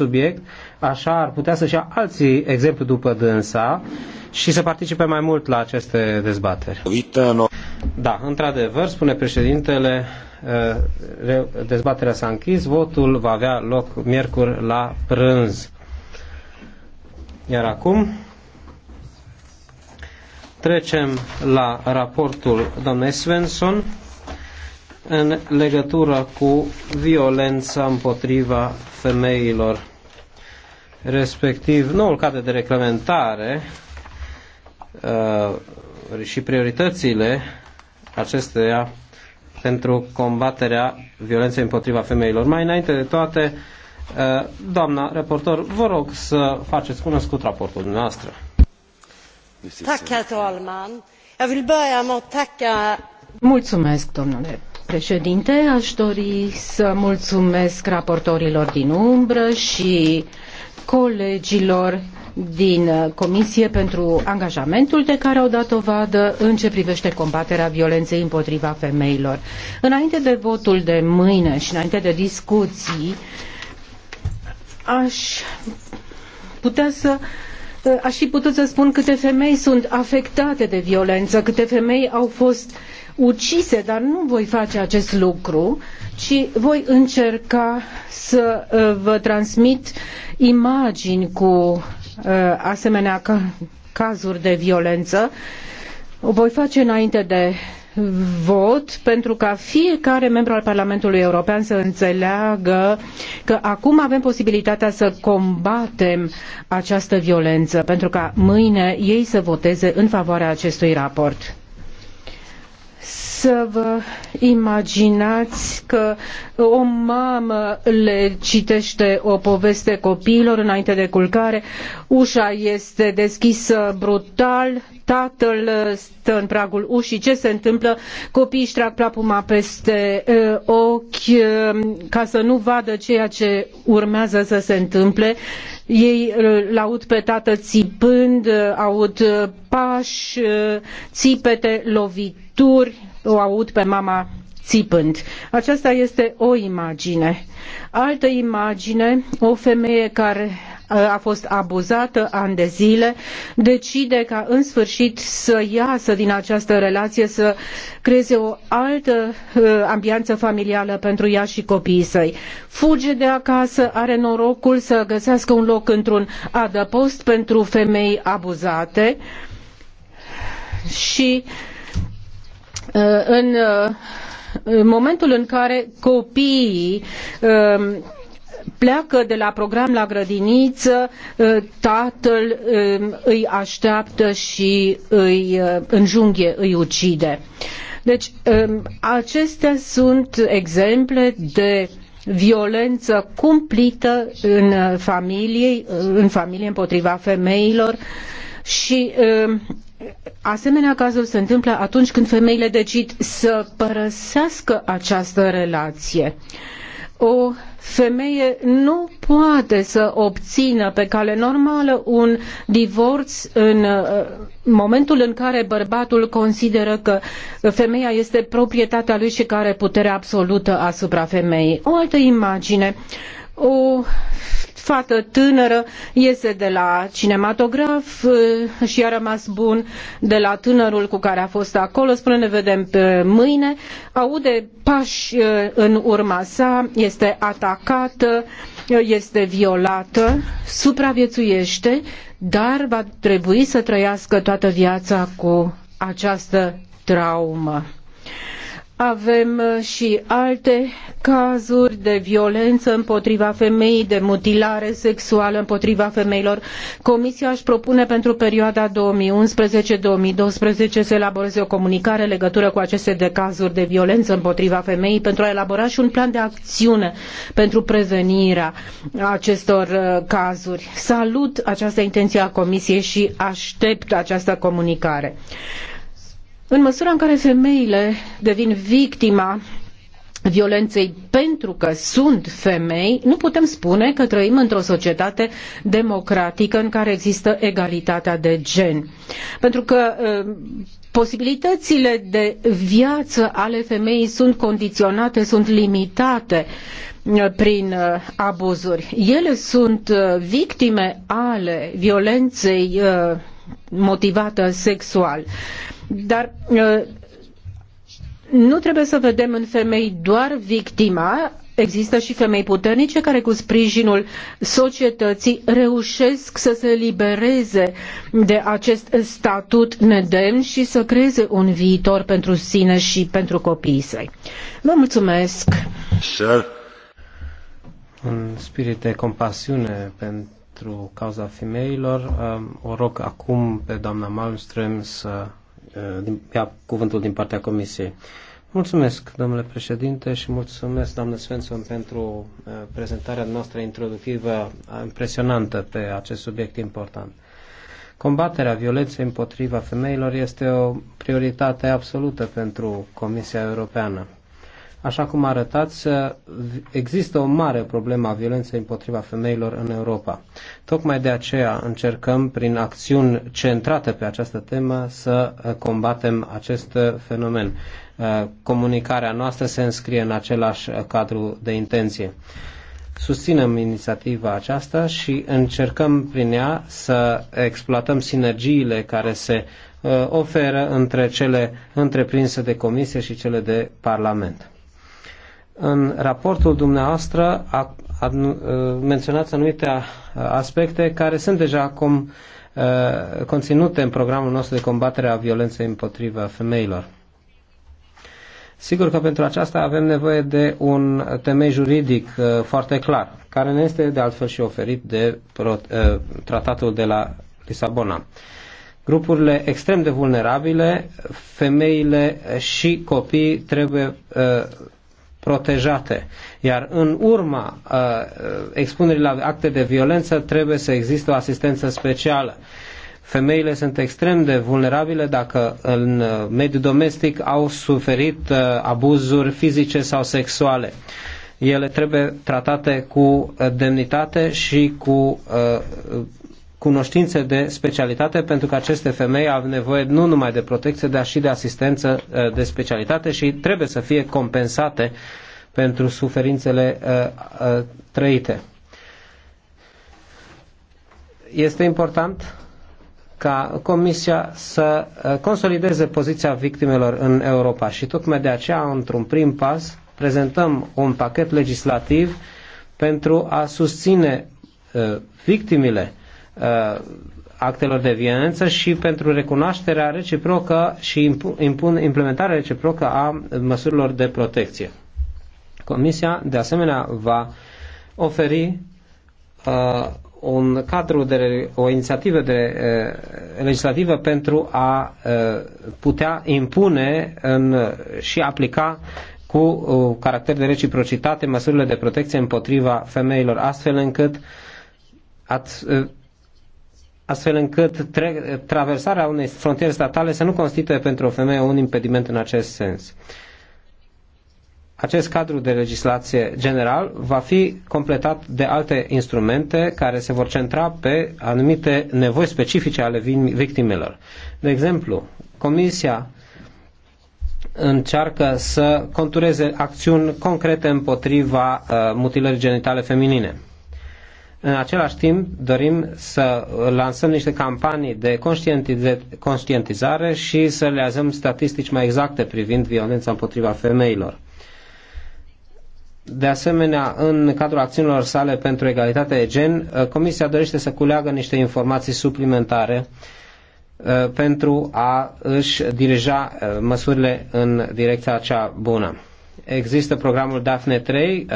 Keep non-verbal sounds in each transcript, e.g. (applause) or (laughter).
subiect, așa ar putea să-și ia alții exemplu după dânsa și să participe mai mult la aceste dezbateri. Da, într-adevăr, spune președintele, eh, dezbaterea s-a închis, votul va avea loc miercuri la prânz. Iar acum trecem la raportul doamnei Svensson în legătură cu violența împotriva femeilor respectiv noul cadru de reglementare uh, și prioritățile acesteia pentru combaterea violenței împotriva femeilor. Mai înainte de toate, uh, doamna reportor, vă rog să faceți cunoscut raportul dumneavoastră. Tack, herr talman. vill börja med att tacka... Mulțumesc, domnule președinte. Aș dori să mulțumesc raportorilor din umbră și uh, colegilor din uh, Comisie pentru angajamentul de care au dat o vadă în ce privește combaterea violenței împotriva femeilor. Înainte de votul de mâine și înainte de discuții, aș putea să uh, aș fi putut să spun câte femei sunt afectate de violență, câte femei au fost uh, ucise, dar nu voi face acest lucru, ci voi încerca să uh, vă transmit imagini cu uh, asemenea cazuri de violență. O voi face înainte de vot pentru ca fiecare membru al Parlamentului European să înțeleagă că acum avem posibilitatea să combatem această violență pentru ca mâine ei să voteze în favoarea acestui raport să vă imaginați că o mamă le citește o poveste copiilor înainte de culcare, ușa este deschisă brutal, tatăl stă în pragul ușii, ce se întâmplă? Copiii își trag plapuma peste ochi ca să nu vadă ceea ce urmează să se întâmple. Ei îl aud pe tată țipând, aud pași, țipete, lovituri, o aud pe mama țipând. Aceasta este o imagine. Altă imagine, o femeie care uh, a fost abuzată ani de zile, decide ca în sfârșit să iasă din această relație, să creeze o altă uh, ambianță familială pentru ea și copiii săi. Fuge de acasă, are norocul să găsească un loc într-un adăpost pentru femei abuzate și uh, Uh, uh, în momentul în care copiii um, pleacă de la program la grădiniță, uh, tatăl um, îi așteaptă și îi înjunghe, îi ucide. Deci, um, acestea sunt exemple de violență cumplită în familie, în familie împotriva femeilor și asemenea cazuri se întâmplă atunci când femeile decid să părăsească această relație. O femeie nu poate să obțină pe cale normală un divorț în uh, momentul în care bărbatul consideră că femeia este proprietatea lui și că are putere absolută asupra femeii. O altă imagine. O fată tânără iese de la cinematograf eh, și a rămas bun de la tânărul cu care a fost acolo, spune ne vedem pe mâine, aude pași eh, în urma sa, este atacată, eh, este violată, supraviețuiește, dar va trebui să trăiască toată viața cu această traumă. Avem uh, și alte cazuri de violență împotriva femeii, de mutilare sexuală împotriva femeilor. Comisia își propune pentru perioada 2011-2012 să elaboreze o comunicare în legătură cu aceste de cazuri de violență împotriva femeii pentru a elabora și un plan de acțiune pentru prevenirea acestor uh, cazuri. Salut această intenție a Comisiei și aștept această comunicare. În măsura în care femeile devin victima violenței pentru că sunt femei, nu putem spune că trăim într-o societate democratică în care există egalitatea de gen. Pentru că ă, posibilitățile de viață ale femeii sunt condiționate, sunt limitate ă, prin ă, abuzuri. Ele sunt victime ale violenței motivată sexual. Dar uh, nu trebuie să vedem în femei doar victima, există și femei puternice care cu sprijinul societății reușesc să se libereze de acest statut nedemn și să creeze un viitor pentru sine și pentru copiii săi. Vă mulțumesc! Sir. În spirit de compasiune pentru cauza femeilor, um, o rog acum pe doamna Malmström să Uh, din, ia cuvântul din partea Comisiei. Mulțumesc, domnule președinte, și mulțumesc, doamnă Svensson, pentru uh, prezentarea noastră introductivă uh, impresionantă pe acest subiect important. Combaterea violenței împotriva femeilor este o prioritate absolută pentru Comisia Europeană. Așa cum arătați, există o mare problemă a violenței împotriva femeilor în Europa. Tocmai de aceea încercăm, prin acțiuni centrate pe această temă, să uh, combatem acest uh, fenomen. Uh, comunicarea noastră se înscrie în același cadru de intenție susținem inițiativa aceasta și încercăm prin ea să exploatăm sinergiile care se oferă între cele întreprinse de comisie și cele de Parlament. În raportul dumneavoastră a, a, uh, menționați anumite aspecte care sunt deja acum a, uh, conținute în programul nostru de combatere a violenței împotriva femeilor. Sigur că pentru aceasta avem nevoie de un temei juridic uh, foarte clar, care ne este de altfel și oferit de tratatul de la Lisabona. Grupurile extrem de vulnerabile, femeile și copii trebuie protejate. Iar în urma uh, uh, expunerii la acte de violență trebuie să existe o asistență specială. Femeile sunt extrem de vulnerabile dacă în uh, mediul domestic au suferit uh, abuzuri fizice sau sexuale. Ele trebuie tratate cu uh, demnitate și cu uh, cunoștințe de specialitate, pentru că aceste femei au nevoie nu numai de protecție, dar și de asistență uh, de specialitate și trebuie să fie compensate pentru suferințele uh, uh, trăite. Este important ca Comisia să consolideze poziția victimelor în Europa și tocmai de aceea, într-un prim pas, prezentăm un pachet legislativ pentru a susține victimile Uh, actelor de violență și pentru recunoașterea reciprocă și impun, implementarea reciprocă a măsurilor de protecție. Comisia, de asemenea, va oferi uh, un cadru de o inițiativă de uh, legislativă pentru a uh, putea impune în, și aplica cu uh, caracter de reciprocitate măsurile de protecție împotriva femeilor, astfel încât at, uh, astfel încât traversarea unei frontiere statale să nu constituie pentru o femeie un impediment în acest sens. Acest cadru de legislație general va fi completat de alte instrumente care se vor centra pe anumite nevoi specifice ale victimelor. De exemplu, Comisia încearcă să contureze acțiuni concrete împotriva uh, mutilării genitale feminine. În același timp, dorim să lansăm niște campanii de conștientizare și să realizăm statistici mai exacte privind violența împotriva femeilor. De asemenea, în cadrul acțiunilor sale pentru egalitate de gen, uh, Comisia dorește să culeagă niște informații suplimentare uh, pentru a își dirija uh, măsurile în direcția cea bună. Există programul Daphne 3,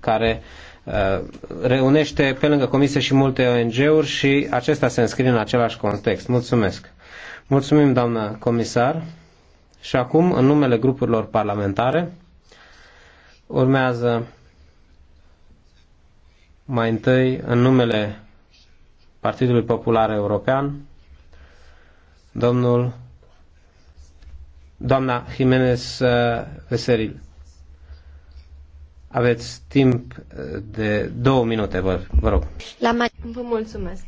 care Uh, reunește pe lângă comisie și multe ONG-uri și acesta se înscrie în același context. Mulțumesc! Mulțumim, doamnă comisar! Și acum, în numele grupurilor parlamentare, urmează mai întâi, în numele Partidului Popular European, domnul doamna Jimenez uh, Veseril. Aveți timp eh, de două minute, vă, vă rog. La mai... Vă mulțumesc.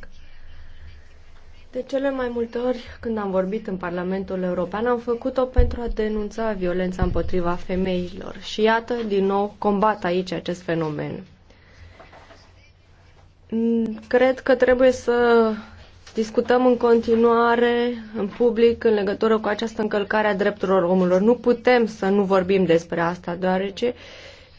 De cele mai multe ori, când am vorbit în Parlamentul European, am făcut-o pentru a denunța violența împotriva femeilor. Și iată, din nou, combat aici acest fenomen. Mm, cred că trebuie să discutăm în continuare în public în legătură cu această încălcare a drepturilor omului. Nu putem să nu vorbim despre asta, deoarece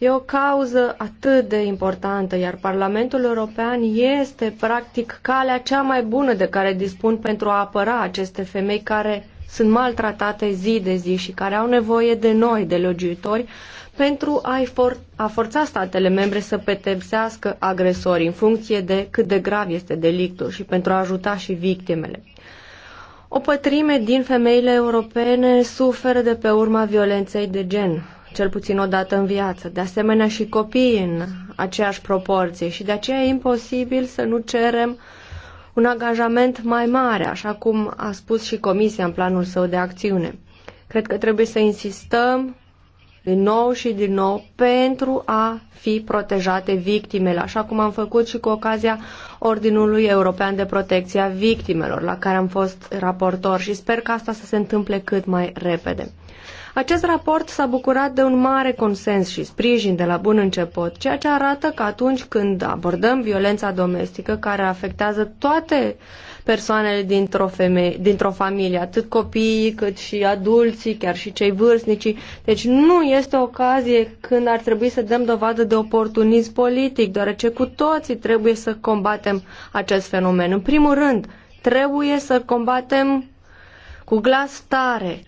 E o cauză atât de importantă, iar Parlamentul European este practic calea cea mai bună de care dispun pentru a apăra aceste femei care sunt maltratate zi de zi și care au nevoie de noi, de legiuitori, pentru a, for- a forța statele membre să pedepsească agresorii în funcție de cât de grav este delictul și pentru a ajuta și victimele. O pătrime din femeile europene suferă de pe urma violenței de gen cel puțin o dată în viață. De asemenea și copiii în aceeași proporție și de aceea e imposibil să nu cerem un angajament mai mare, așa cum a spus și Comisia în planul său de acțiune. Cred că trebuie să insistăm din nou și din nou pentru a fi protejate victimele, așa cum am făcut și cu ocazia Ordinului European de Protecție a Victimelor, la care am fost raportor și sper că asta să se întâmple cât mai repede. Acest raport s-a bucurat de un mare consens și sprijin de la bun început, ceea ce arată că atunci când abordăm violența domestică care afectează toate persoanele dintr-o, femeie, dintr-o familie, atât copiii cât și adulții, chiar și cei vârstnici. Deci nu este ocazie când ar trebui să dăm dovadă de oportunism politic, deoarece cu toții trebuie să combatem acest fenomen. În primul rând, trebuie să combatem cu glas tare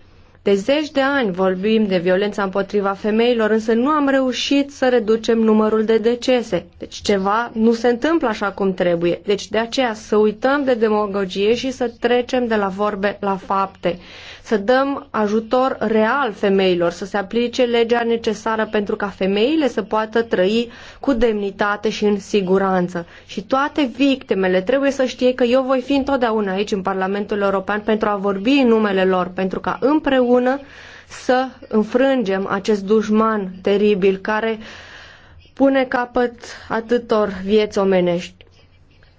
de zeci de ani vorbim de violența împotriva femeilor, însă nu am reușit să reducem numărul de decese. Deci ceva nu se întâmplă așa cum trebuie. Deci de aceea să uităm de demagogie și să trecem de la vorbe la fapte să dăm ajutor real femeilor, să se aplice legea necesară pentru ca femeile să poată trăi cu demnitate și în siguranță. Și toate victimele trebuie să știe că eu voi fi întotdeauna aici în Parlamentul European pentru a vorbi în numele lor, pentru ca împreună să înfrângem acest dușman teribil care pune capăt atâtor vieți omenești.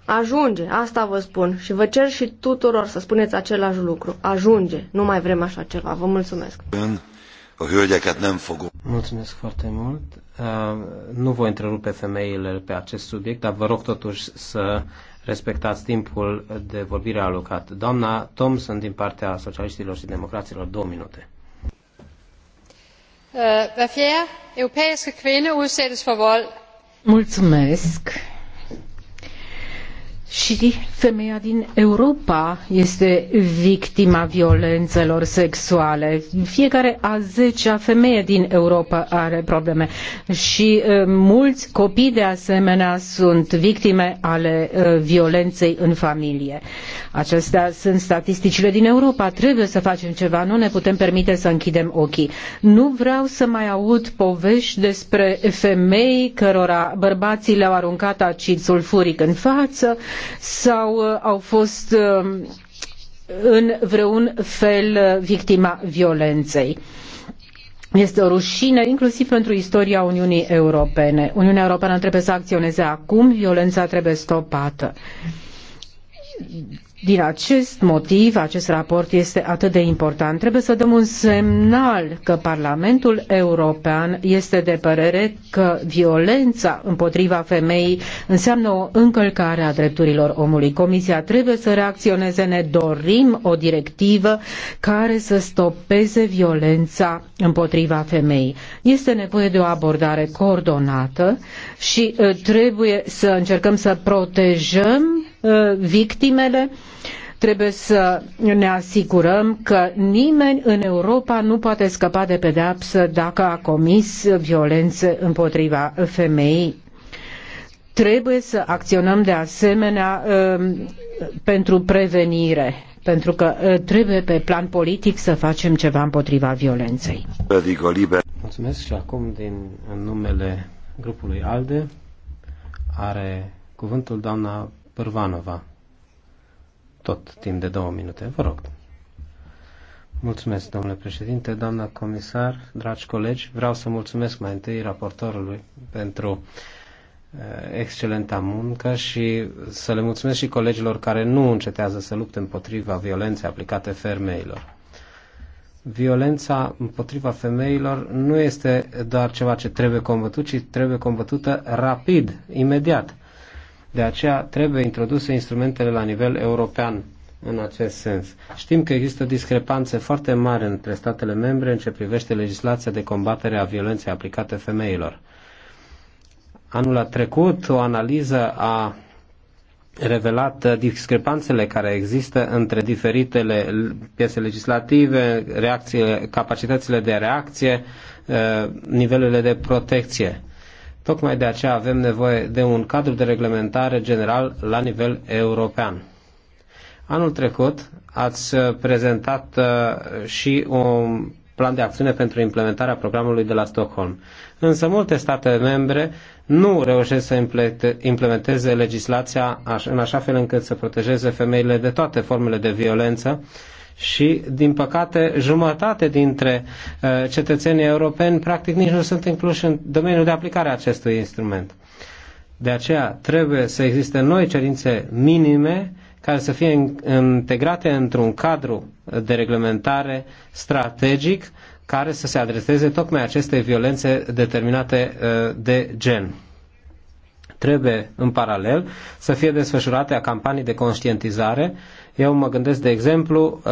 Ajunge, asta vă spun și vă cer și tuturor să spuneți același lucru. Ajunge, nu mai vrem așa ceva. Vă mulțumesc. Mulțumesc foarte mult. Uh, nu voi întrerupe femeile pe acest subiect, dar vă rog totuși să respectați timpul de vorbire alocat. Doamna Thompson din partea socialiștilor și democraților, două minute. Uh, mulțumesc. Și femeia din Europa este victima violențelor sexuale. Fiecare a zecea femeie din Europa are probleme și uh, mulți copii de asemenea sunt victime ale uh, violenței în familie. Acestea sunt statisticile din Europa. Trebuie să facem ceva, nu ne putem permite să închidem ochii. Nu vreau să mai aud povești despre femei cărora bărbații le-au aruncat acid sulfuric în față, sau uh, au fost um, în vreun fel uh, victima violenței. Este o rușine inclusiv pentru istoria Uniunii Europene. Uniunea Europeană trebuie să acționeze acum, violența trebuie stopată din acest motiv, acest raport este atât de important. Trebuie să dăm un semnal că Parlamentul European este de părere că violența împotriva femeii înseamnă o încălcare a drepturilor omului. Comisia trebuie să reacționeze. Ne dorim o directivă care să stopeze violența împotriva femeii. Este nevoie de o abordare coordonată și uh, trebuie să încercăm să protejăm Uh, victimele. Trebuie să ne asigurăm că nimeni în Europa nu poate scăpa de pedeapsă dacă a comis violențe împotriva femeii. Trebuie să acționăm de asemenea um, pentru prevenire, pentru că uh, trebuie pe plan politic să facem ceva împotriva violenței. Mulțumesc și acum din numele grupului ALDE are cuvântul doamna Pârvanova, tot timp de două minute. Vă rog. Mulțumesc, domnule președinte, doamna comisar, dragi colegi. Vreau să mulțumesc mai întâi raportorului pentru eh, excelenta muncă și să le mulțumesc și colegilor care nu încetează să lupte împotriva violenței aplicate femeilor. Violența împotriva femeilor nu este doar ceva ce trebuie combătut, ci trebuie combătută rapid, imediat de aceea trebuie introduse instrumentele la nivel european în acest sens. Știm că există discrepanțe foarte mari între statele membre în ce privește legislația de combatere a violenței aplicate femeilor. Anul trecut, o analiză a revelat discrepanțele care există între diferitele piese legislative, reacțiile, capacitățile de reacție, nivelurile de protecție. Tocmai de aceea avem nevoie de un cadru de reglementare general la nivel european. Anul trecut ați prezentat uh, și un plan de acțiune pentru implementarea programului de la Stockholm. Însă multe state membre nu reușesc să implementeze legislația în așa fel încât să protejeze femeile de toate formele de violență, și, din păcate, jumătate dintre uh, cetățenii europeni practic nici nu sunt incluși în domeniul de aplicare a acestui instrument. De aceea trebuie să existe noi cerințe minime care să fie integrate într-un cadru de reglementare strategic care să se adreseze tocmai acestei violențe determinate uh, de gen. Trebuie, în paralel, să fie desfășurate campanii de conștientizare eu mă gândesc, de exemplu, uh,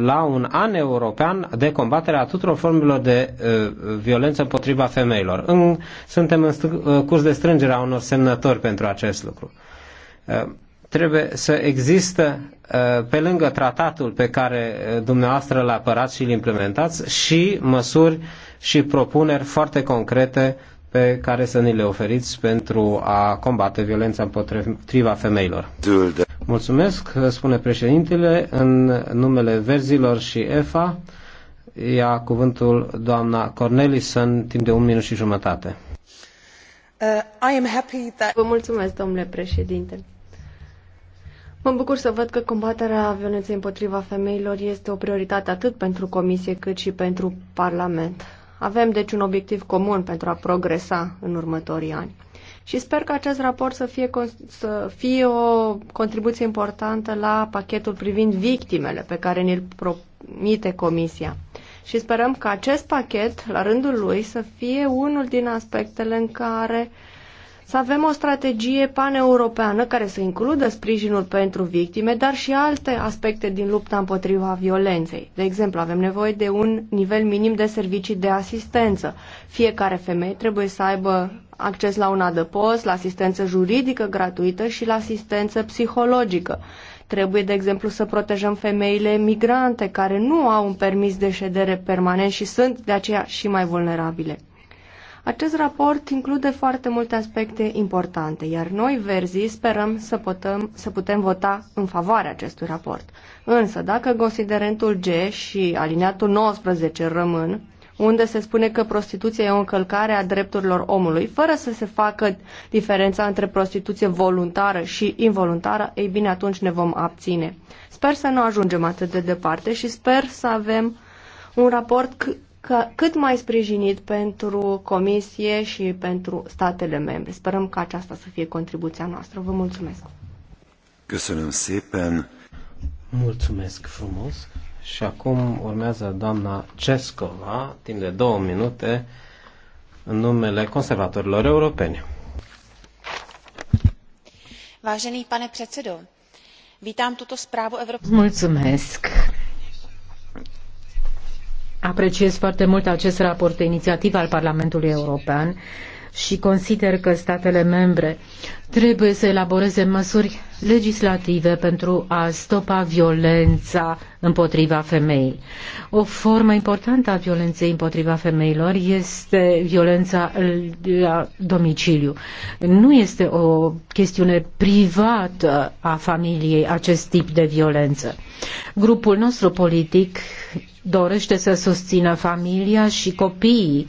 la un an european de combatere a tuturor formelor de uh, violență împotriva femeilor. În, suntem în uh, curs de strângere a unor semnători pentru acest lucru. Trebuie să există, pe lângă tratatul pe care dumneavoastră l-a apărat și îl implementați, și măsuri și propuneri foarte concrete pe care să ni le oferiți pentru a combate violența împotriva femeilor. Dulde. Mulțumesc, spune președintele, în numele Verzilor și EFA ia cuvântul doamna Cornelison timp de un minut și jumătate. Uh, I am happy that... Vă mulțumesc, domnule președinte. Mă bucur să văd că combaterea violenței împotriva femeilor este o prioritate atât pentru Comisie cât și pentru Parlament. Avem deci un obiectiv comun pentru a progresa în următorii ani și sper că acest raport să fie, să fie o contribuție importantă la pachetul privind victimele pe care ne-l promite Comisia. Și sperăm că acest pachet, la rândul lui, să fie unul din aspectele în care să avem o strategie paneuropeană care să includă sprijinul pentru victime, dar și alte aspecte din lupta împotriva violenței. De exemplu, avem nevoie de un nivel minim de servicii de asistență. Fiecare femeie trebuie să aibă acces la un adăpost, la asistență juridică gratuită și la asistență psihologică. Trebuie, de exemplu, să protejăm femeile migrante care nu au un permis de ședere permanent și sunt de aceea și mai vulnerabile. Acest raport include foarte multe aspecte importante, iar noi, verzii, sperăm să putem, să putem vota în favoarea acestui raport. Însă, dacă considerentul G și alineatul 19 rămân, unde se spune că prostituția e o încălcare a drepturilor omului, fără să se facă diferența între prostituție voluntară și involuntară, ei bine, atunci ne vom abține. Sper să nu ajungem atât de departe și sper să avem un raport cât mai sprijinit pentru Comisie și pentru statele membre. Sperăm că aceasta să fie contribuția noastră. Vă mulțumesc! Mulțumesc frumos! Și acum urmează doamna Cescova, timp de două minute, în numele conservatorilor europeni. Vážený pane předsedo, vítám tuto zprávu Evropské... Mulțumesc. Apreciez foarte mult acest raport de inițiativă al Parlamentului European și consider că statele membre trebuie să elaboreze măsuri legislative pentru a stopa violența împotriva femeii. O formă importantă a violenței împotriva femeilor este violența la domiciliu. Nu este o chestiune privată a familiei acest tip de violență. Grupul nostru politic dorește să susțină familia și copiii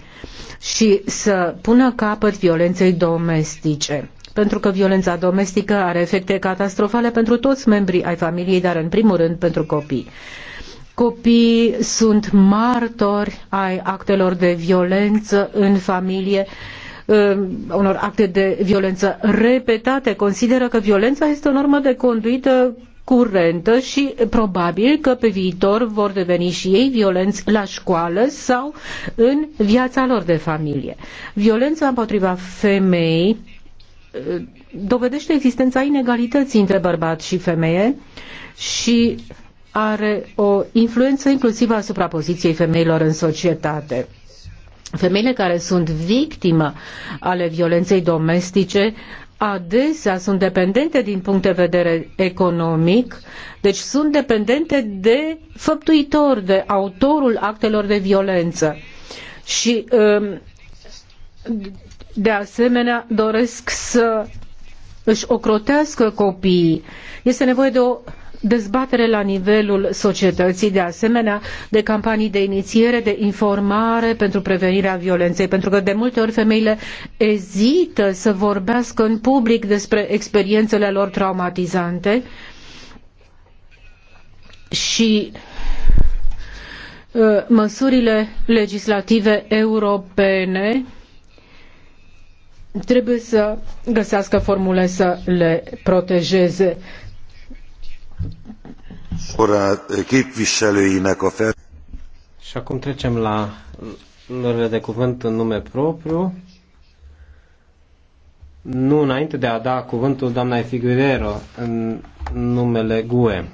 și să pună capăt violenței domestice. Pentru că violența domestică are efecte catastrofale pentru toți membrii ai familiei, dar în primul rând pentru copii. Copiii sunt martori ai actelor de violență în familie, uh, unor acte de violență repetate. Consideră că violența este o normă de conduită curentă și probabil că pe viitor vor deveni și ei violenți la școală sau în viața lor de familie. Violența împotriva femei uh, dovedește existența inegalității între bărbat și femeie și are o influență inclusiv asupra poziției femeilor în societate. Femeile care sunt victimă ale violenței domestice adesea sunt dependente din punct de vedere economic, deci sunt dependente de făptuitor, de autorul actelor de violență. Și um, de asemenea doresc să își ocrotească copiii. Este nevoie de o dezbatere la nivelul societății, de asemenea de campanii de inițiere, de informare pentru prevenirea violenței, pentru că de multe ori femeile ezită să vorbească în public despre experiențele lor traumatizante și uh, măsurile legislative europene trebuie să găsească formule să le protejeze. Eh, Și acum trecem la lorile de cuvânt în nume propriu. Nu înainte de a da cuvântul doamnei Figuerero în numele GUE.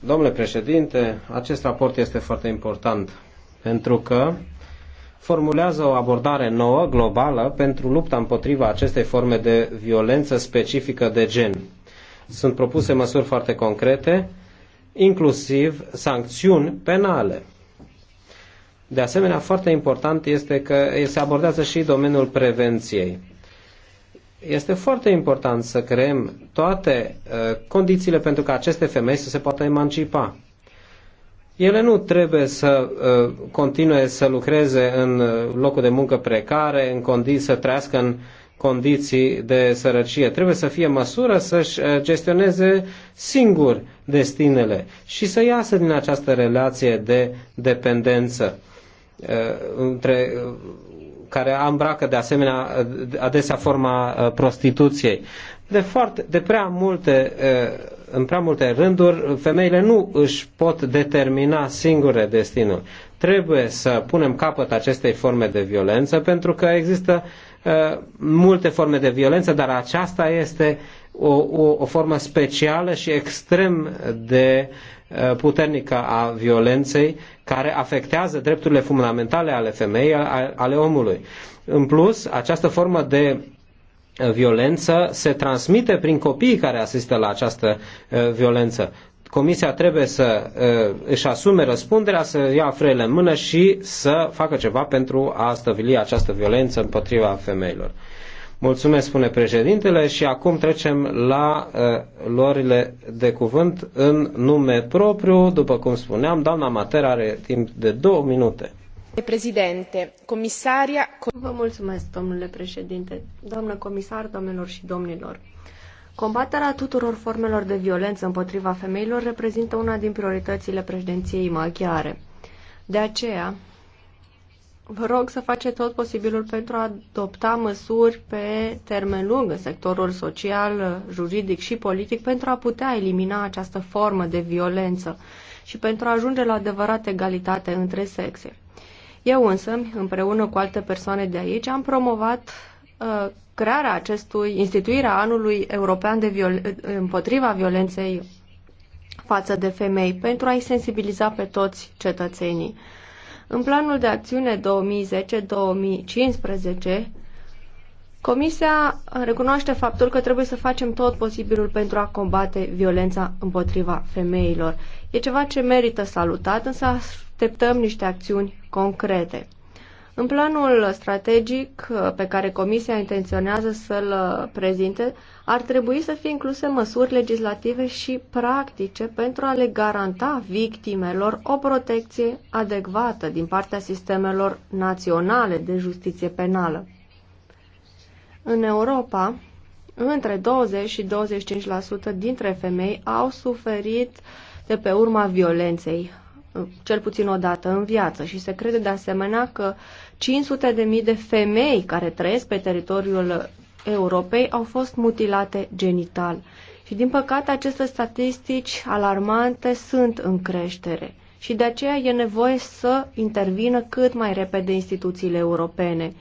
Domnule președinte, acest raport este foarte important pentru că formulează o abordare nouă, globală, pentru lupta împotriva acestei forme de violență specifică de gen sunt propuse măsuri foarte concrete, inclusiv sancțiuni penale. De asemenea, foarte important este că se abordează și domeniul prevenției. Este foarte important să creăm toate uh, condițiile pentru ca aceste femei să se poată emancipa. Ele nu trebuie să uh, continue să lucreze în uh, locul de muncă precare, în condiții să trăiască în uh, condiții de sărăcie. Trebuie să fie măsură să-și uh, gestioneze singur destinele și să iasă din această relație de dependență uh, între uh, care îmbracă de asemenea adesea forma prostituției. De, foarte, de prea multe, în prea multe rânduri, femeile nu își pot determina singure destinul. Trebuie să punem capăt acestei forme de violență pentru că există uh, Uh, multe forme de violență, dar aceasta este o, o, o formă specială și extrem de uh, puternică a violenței care afectează drepturile fundamentale ale femeii, ale omului. În plus, această formă de uh, violență se transmite prin copiii care asistă la această violență. Comisia trebuie să uh, își asume răspunderea, să ia frele în mână și să facă ceva pentru a stăvili această violență împotriva femeilor. Mulțumesc, spune președintele, și acum trecem la uh, luările de cuvânt în nume propriu. După cum spuneam, doamna Matera are timp de două minute. Președinte, comisaria... Vă mulțumesc, domnule președinte, doamnă comisar, domnilor și domnilor. Combaterea tuturor formelor de violență împotriva femeilor reprezintă una din prioritățile președinției maghiare. De aceea, vă rog să faceți tot posibilul pentru a adopta măsuri pe termen lung în sectorul social, juridic și politic pentru a putea elimina această formă de violență și pentru a ajunge la adevărată egalitate între sexe. Eu însă, împreună cu alte persoane de aici, am promovat uh, crearea acestui, instituirea anului european de viol- împotriva violenței față de femei, pentru a-i sensibiliza pe toți cetățenii. În planul de acțiune 2010-2015, Comisia recunoaște faptul că trebuie să facem tot posibilul pentru a combate violența împotriva femeilor. E ceva ce merită salutat, însă așteptăm niște acțiuni concrete. În planul strategic uh, pe care Comisia intenționează să-l uh, prezinte, ar trebui să fie incluse măsuri legislative și practice pentru a le garanta victimelor o protecție adecvată din partea sistemelor naționale de justiție penală. În Europa, între 20 și 25% dintre femei au suferit de pe urma violenței cel puțin o dată în viață și se crede de asemenea că 500 de mii de femei care trăiesc pe teritoriul Europei au fost mutilate genital. Și din păcate aceste statistici alarmante sunt în creștere și de aceea e nevoie să intervină cât mai repede instituțiile europene.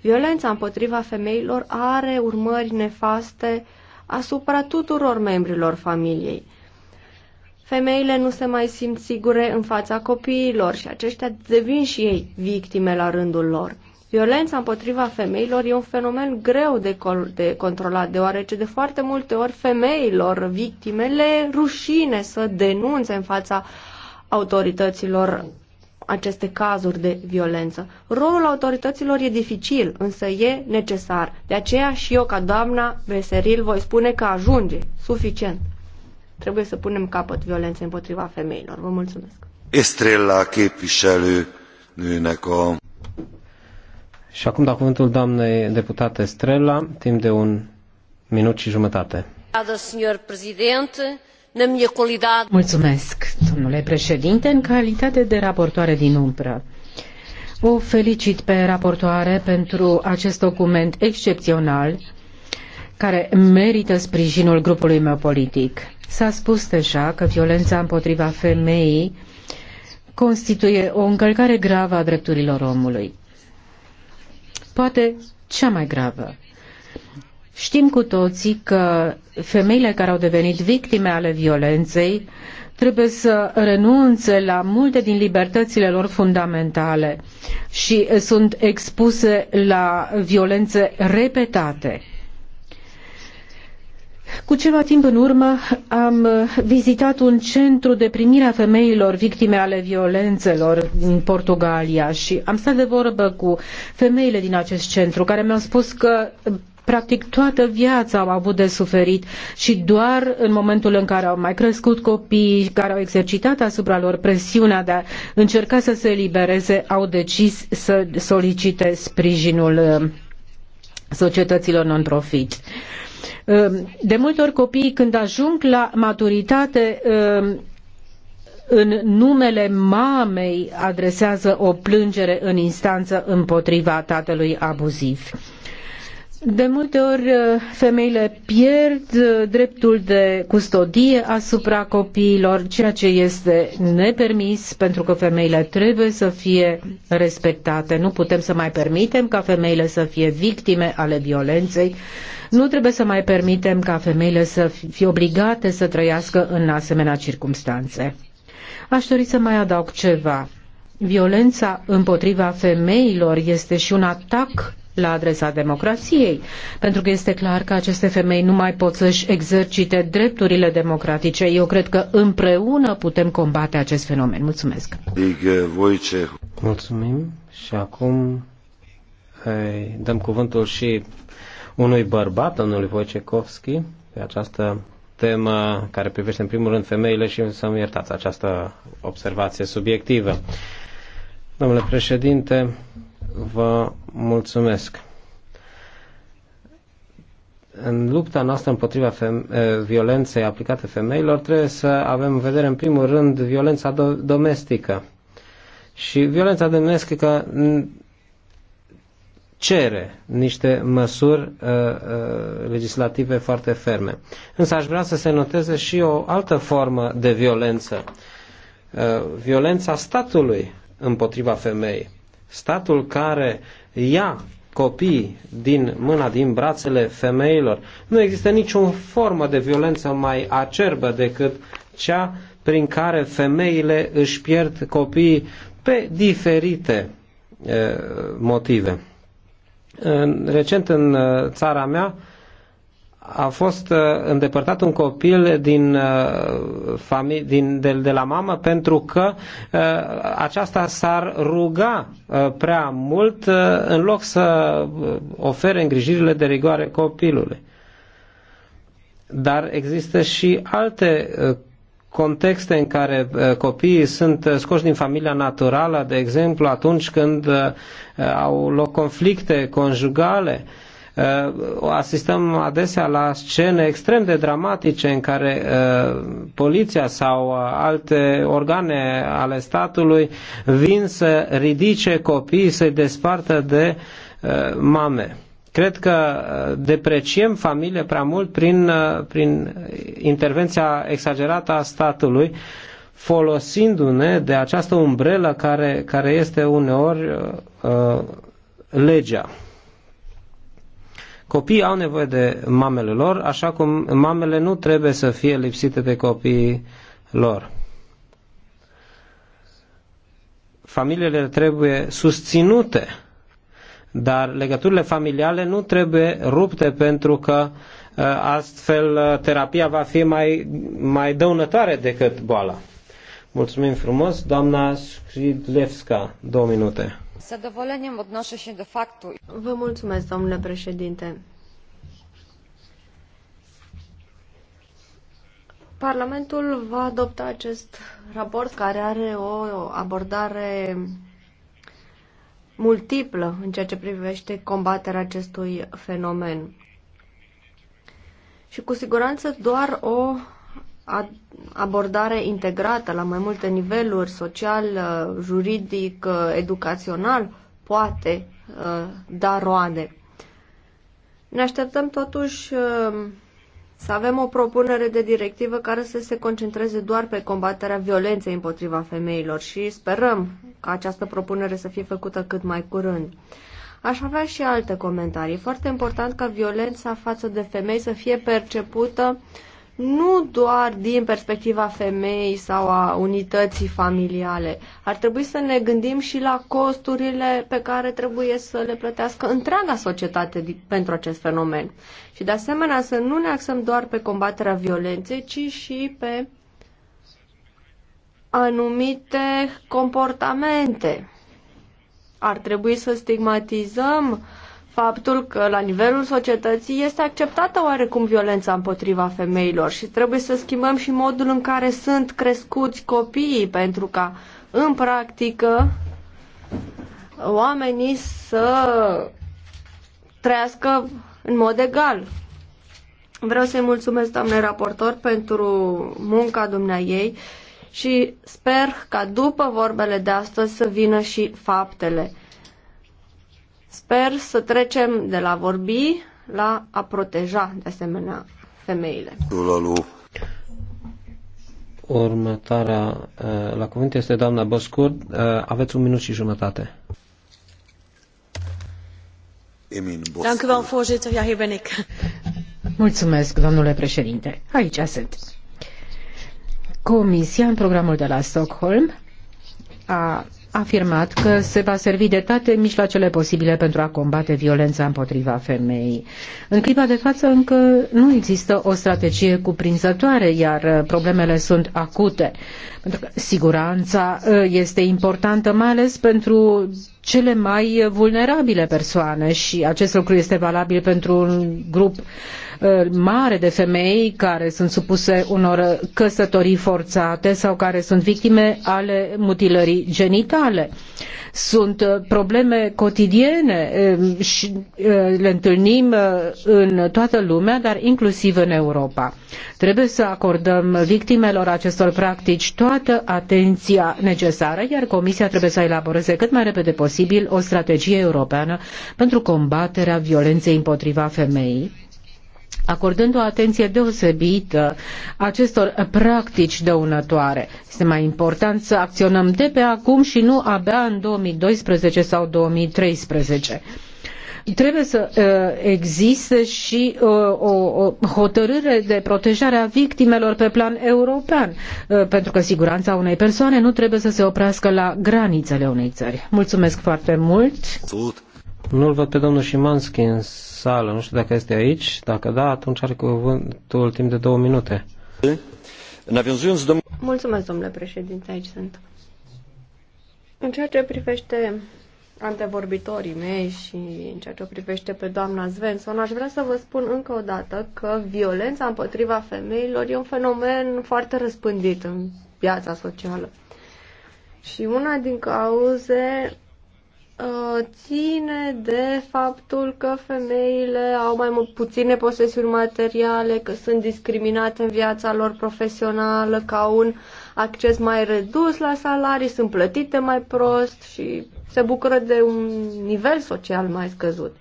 Violența împotriva femeilor are urmări nefaste asupra tuturor membrilor familiei femeile nu se mai simt sigure în fața copiilor și aceștia devin și ei victime la rândul lor. Violența împotriva femeilor e un fenomen greu de, de controlat, deoarece de foarte multe ori femeilor victimele rușine să denunțe în fața autorităților aceste cazuri de violență. Rolul autorităților e dificil, însă e necesar. De aceea și eu, ca doamna Veseril, voi spune că ajunge. Suficient. Trebuie să punem capăt violenței împotriva femeilor. Vă mulțumesc. Estrella, képviselő nőnek a... Și acum da cuvântul doamnei deputate Estrella, timp de un minut și jumătate. Mulțumesc, domnule președinte, în calitate de raportoare din umbră. O felicit pe raportoare pentru acest document excepțional care merită sprijinul grupului meu politic. S-a spus deja că violența împotriva femeii constituie o încălcare gravă a drepturilor omului. Poate cea mai gravă. Știm cu toții că femeile care au devenit victime ale violenței trebuie să renunțe la multe din libertățile lor fundamentale și sunt expuse la violențe repetate. Cu ceva timp în urmă am vizitat un centru de primire a femeilor victime ale violențelor din Portugalia și am stat de vorbă cu femeile din acest centru care mi-au spus că practic toată viața au avut de suferit și doar în momentul în care au mai crescut copii, care au exercitat asupra lor presiunea de a încerca să se elibereze, au decis să solicite sprijinul eh, societăților non-profit. Uh, Ehm, de multe ori copiii când ajung la maturitate ehm, în numele mamei adresează o plângere în instanță împotriva tatălui abuziv. De multe ori eh, femeile pierd eh, dreptul de custodie asupra copiilor, ceea ce este nepermis pentru că femeile trebuie să fie respectate. Nu putem să mai permitem ca femeile să fie victime ale violenței nu trebuie să mai permitem ca femeile să fie obligate să trăiască în asemenea circumstanțe. Aș dori să mai adaug ceva. Violența împotriva femeilor este și un atac la adresa democrației, pentru că este clar că aceste femei nu mai pot să-și exercite drepturile democratice. Eu cred că împreună putem combate acest fenomen. Mulțumesc! Eh, Mulțumim și acum eh, dăm cuvântul și unui bărbat, domnul Wojciechowski, pe această temă care privește în primul rând femeile și să-mi iertați această observație subiectivă. Domnule președinte, vă mulțumesc. În lupta noastră împotriva violenței aplicate femeilor trebuie să avem în vedere în primul rând violența do- domestică. Și violența domestică cere niște măsuri uh, uh, legislative foarte ferme. Însă aș vrea să se noteze și o altă formă de violență. Uh, violența statului împotriva femeii. Statul care ia copii din mâna, din brațele femeilor. Nu există nicio formă de violență mai acerbă decât cea prin care femeile își pierd copiii pe diferite uh, motive. Recent în uh, țara mea a fost uh, îndepărtat un copil din, uh, din, de, de la mamă pentru că aceasta s-ar ruga prea mult în loc să ofere îngrijirile de rigoare copilului dar există și alte contexte în care uh, copiii sunt uh, scoși din familia naturală, de exemplu atunci când uh, au loc conflicte conjugale, asistăm adesea la scene extrem de dramatice în care poliția sau alte organe ale statului vin să ridice copiii, să-i despartă de mame. Cred că uh, depreciem familie prea mult prin, uh, prin intervenția exagerată a statului, folosindu-ne de această umbrelă care, care este uneori uh, uh, legea. Copiii au nevoie de mamele lor, așa cum mamele nu trebuie să fie lipsite de copiii lor. Familiile trebuie susținute dar legăturile familiale nu trebuie rupte pentru că uh, astfel uh, terapia va fi mai, mai dăunătoare decât boala. Mulțumim frumos, doamna Skridlevska, două minute. Să dovolenim odnoszę și de faptul. Vă mulțumesc, domnule președinte. Parlamentul va adopta acest raport care are o abordare multiplă în ceea ce privește combaterea acestui fenomen. Și cu siguranță doar o abordare integrată la mai multe niveluri, social, juridic, educațional, poate uh, da roade. Ne așteptăm totuși uh, să avem o propunere de directivă care să se concentreze doar pe combaterea violenței împotriva femeilor și sperăm ca această propunere să fie făcută cât mai curând. Aș avea și alte comentarii. E foarte important ca violența față de femei să fie percepută uh, nu doar din perspectiva femeii sau a unității familiale. Ar trebui să ne gândim și la costurile pe care trebuie să le plătească întreaga societate pentru acest fenomen. Și de asemenea să nu ne axăm doar pe combaterea violenței, ci și pe anumite comportamente. Ar trebui să stigmatizăm uh, faptul că la nivelul societății este acceptată oarecum violența împotriva femeilor și trebuie să schimbăm și modul în care sunt crescuți copiii pentru ca în practică oamenii să trăiască în mod egal. Vreau să-i mulțumesc, doamne raportor, pentru munca dumnea ei și sper ca după vorbele de astăzi să vină și faptele. Sper să trecem de la vorbi la a proteja, de asemenea, femeile. Următoarea eh, la cuvânt este doamna Boscur. Eh, aveți un minut și jumătate. Mulțumesc, domnule președinte. Aici sunt. Comisia, în programul de la Stockholm, a afirmat că se va servi de toate mijloacele posibile pentru a combate violența împotriva femeii. În clipa de față încă nu există o strategie cuprinzătoare, iar uh, problemele sunt acute. Pentru că siguranța uh, este importantă, mai ales pentru cele mai vulnerabile persoane și acest lucru este valabil pentru un grup uh, Uh, mare de femei care sunt supuse unor căsătorii forțate sau care sunt victime ale mutilării genitale. Sunt uh, probleme cotidiene um, și uh, le întâlnim în toată lumea, dar inclusiv în Europa. Trebuie să acordăm victimelor acestor practici toată atenția necesară, iar Comisia trebuie să elaboreze cât mai repede posibil o strategie europeană pentru combaterea violenței împotriva femeii acordând o atenție deosebită acestor practici dăunătoare. Este mai important să acționăm de pe acum și nu abia în 2012 sau 2013 trebuie să uh, existe și uh, o, hotărâre de protejare a victimelor pe plan european, uh, pentru că siguranța unei persoane nu trebuie să se oprească la granițele unei țări. Mulțumesc foarte mult! Salut. Nu-l văd pe domnul Șimanski în sală, nu știu dacă este aici. Dacă da, atunci are cuvântul timp de două minute. Mulțumesc, domnule președinte, aici sunt. În ceea ce privește antevorbitorii mei și în ceea ce privește pe doamna Svensson, aș vrea să vă spun încă o dată că violența împotriva femeilor e un fenomen foarte răspândit în viața socială. Și una din cauze Uh, ține de faptul că femeile au mai mult puține posesiuni materiale, că sunt discriminate în viața lor profesională, că au un acces mai redus la salarii, sunt plătite mai prost și se bucură de un nivel social mai scăzut.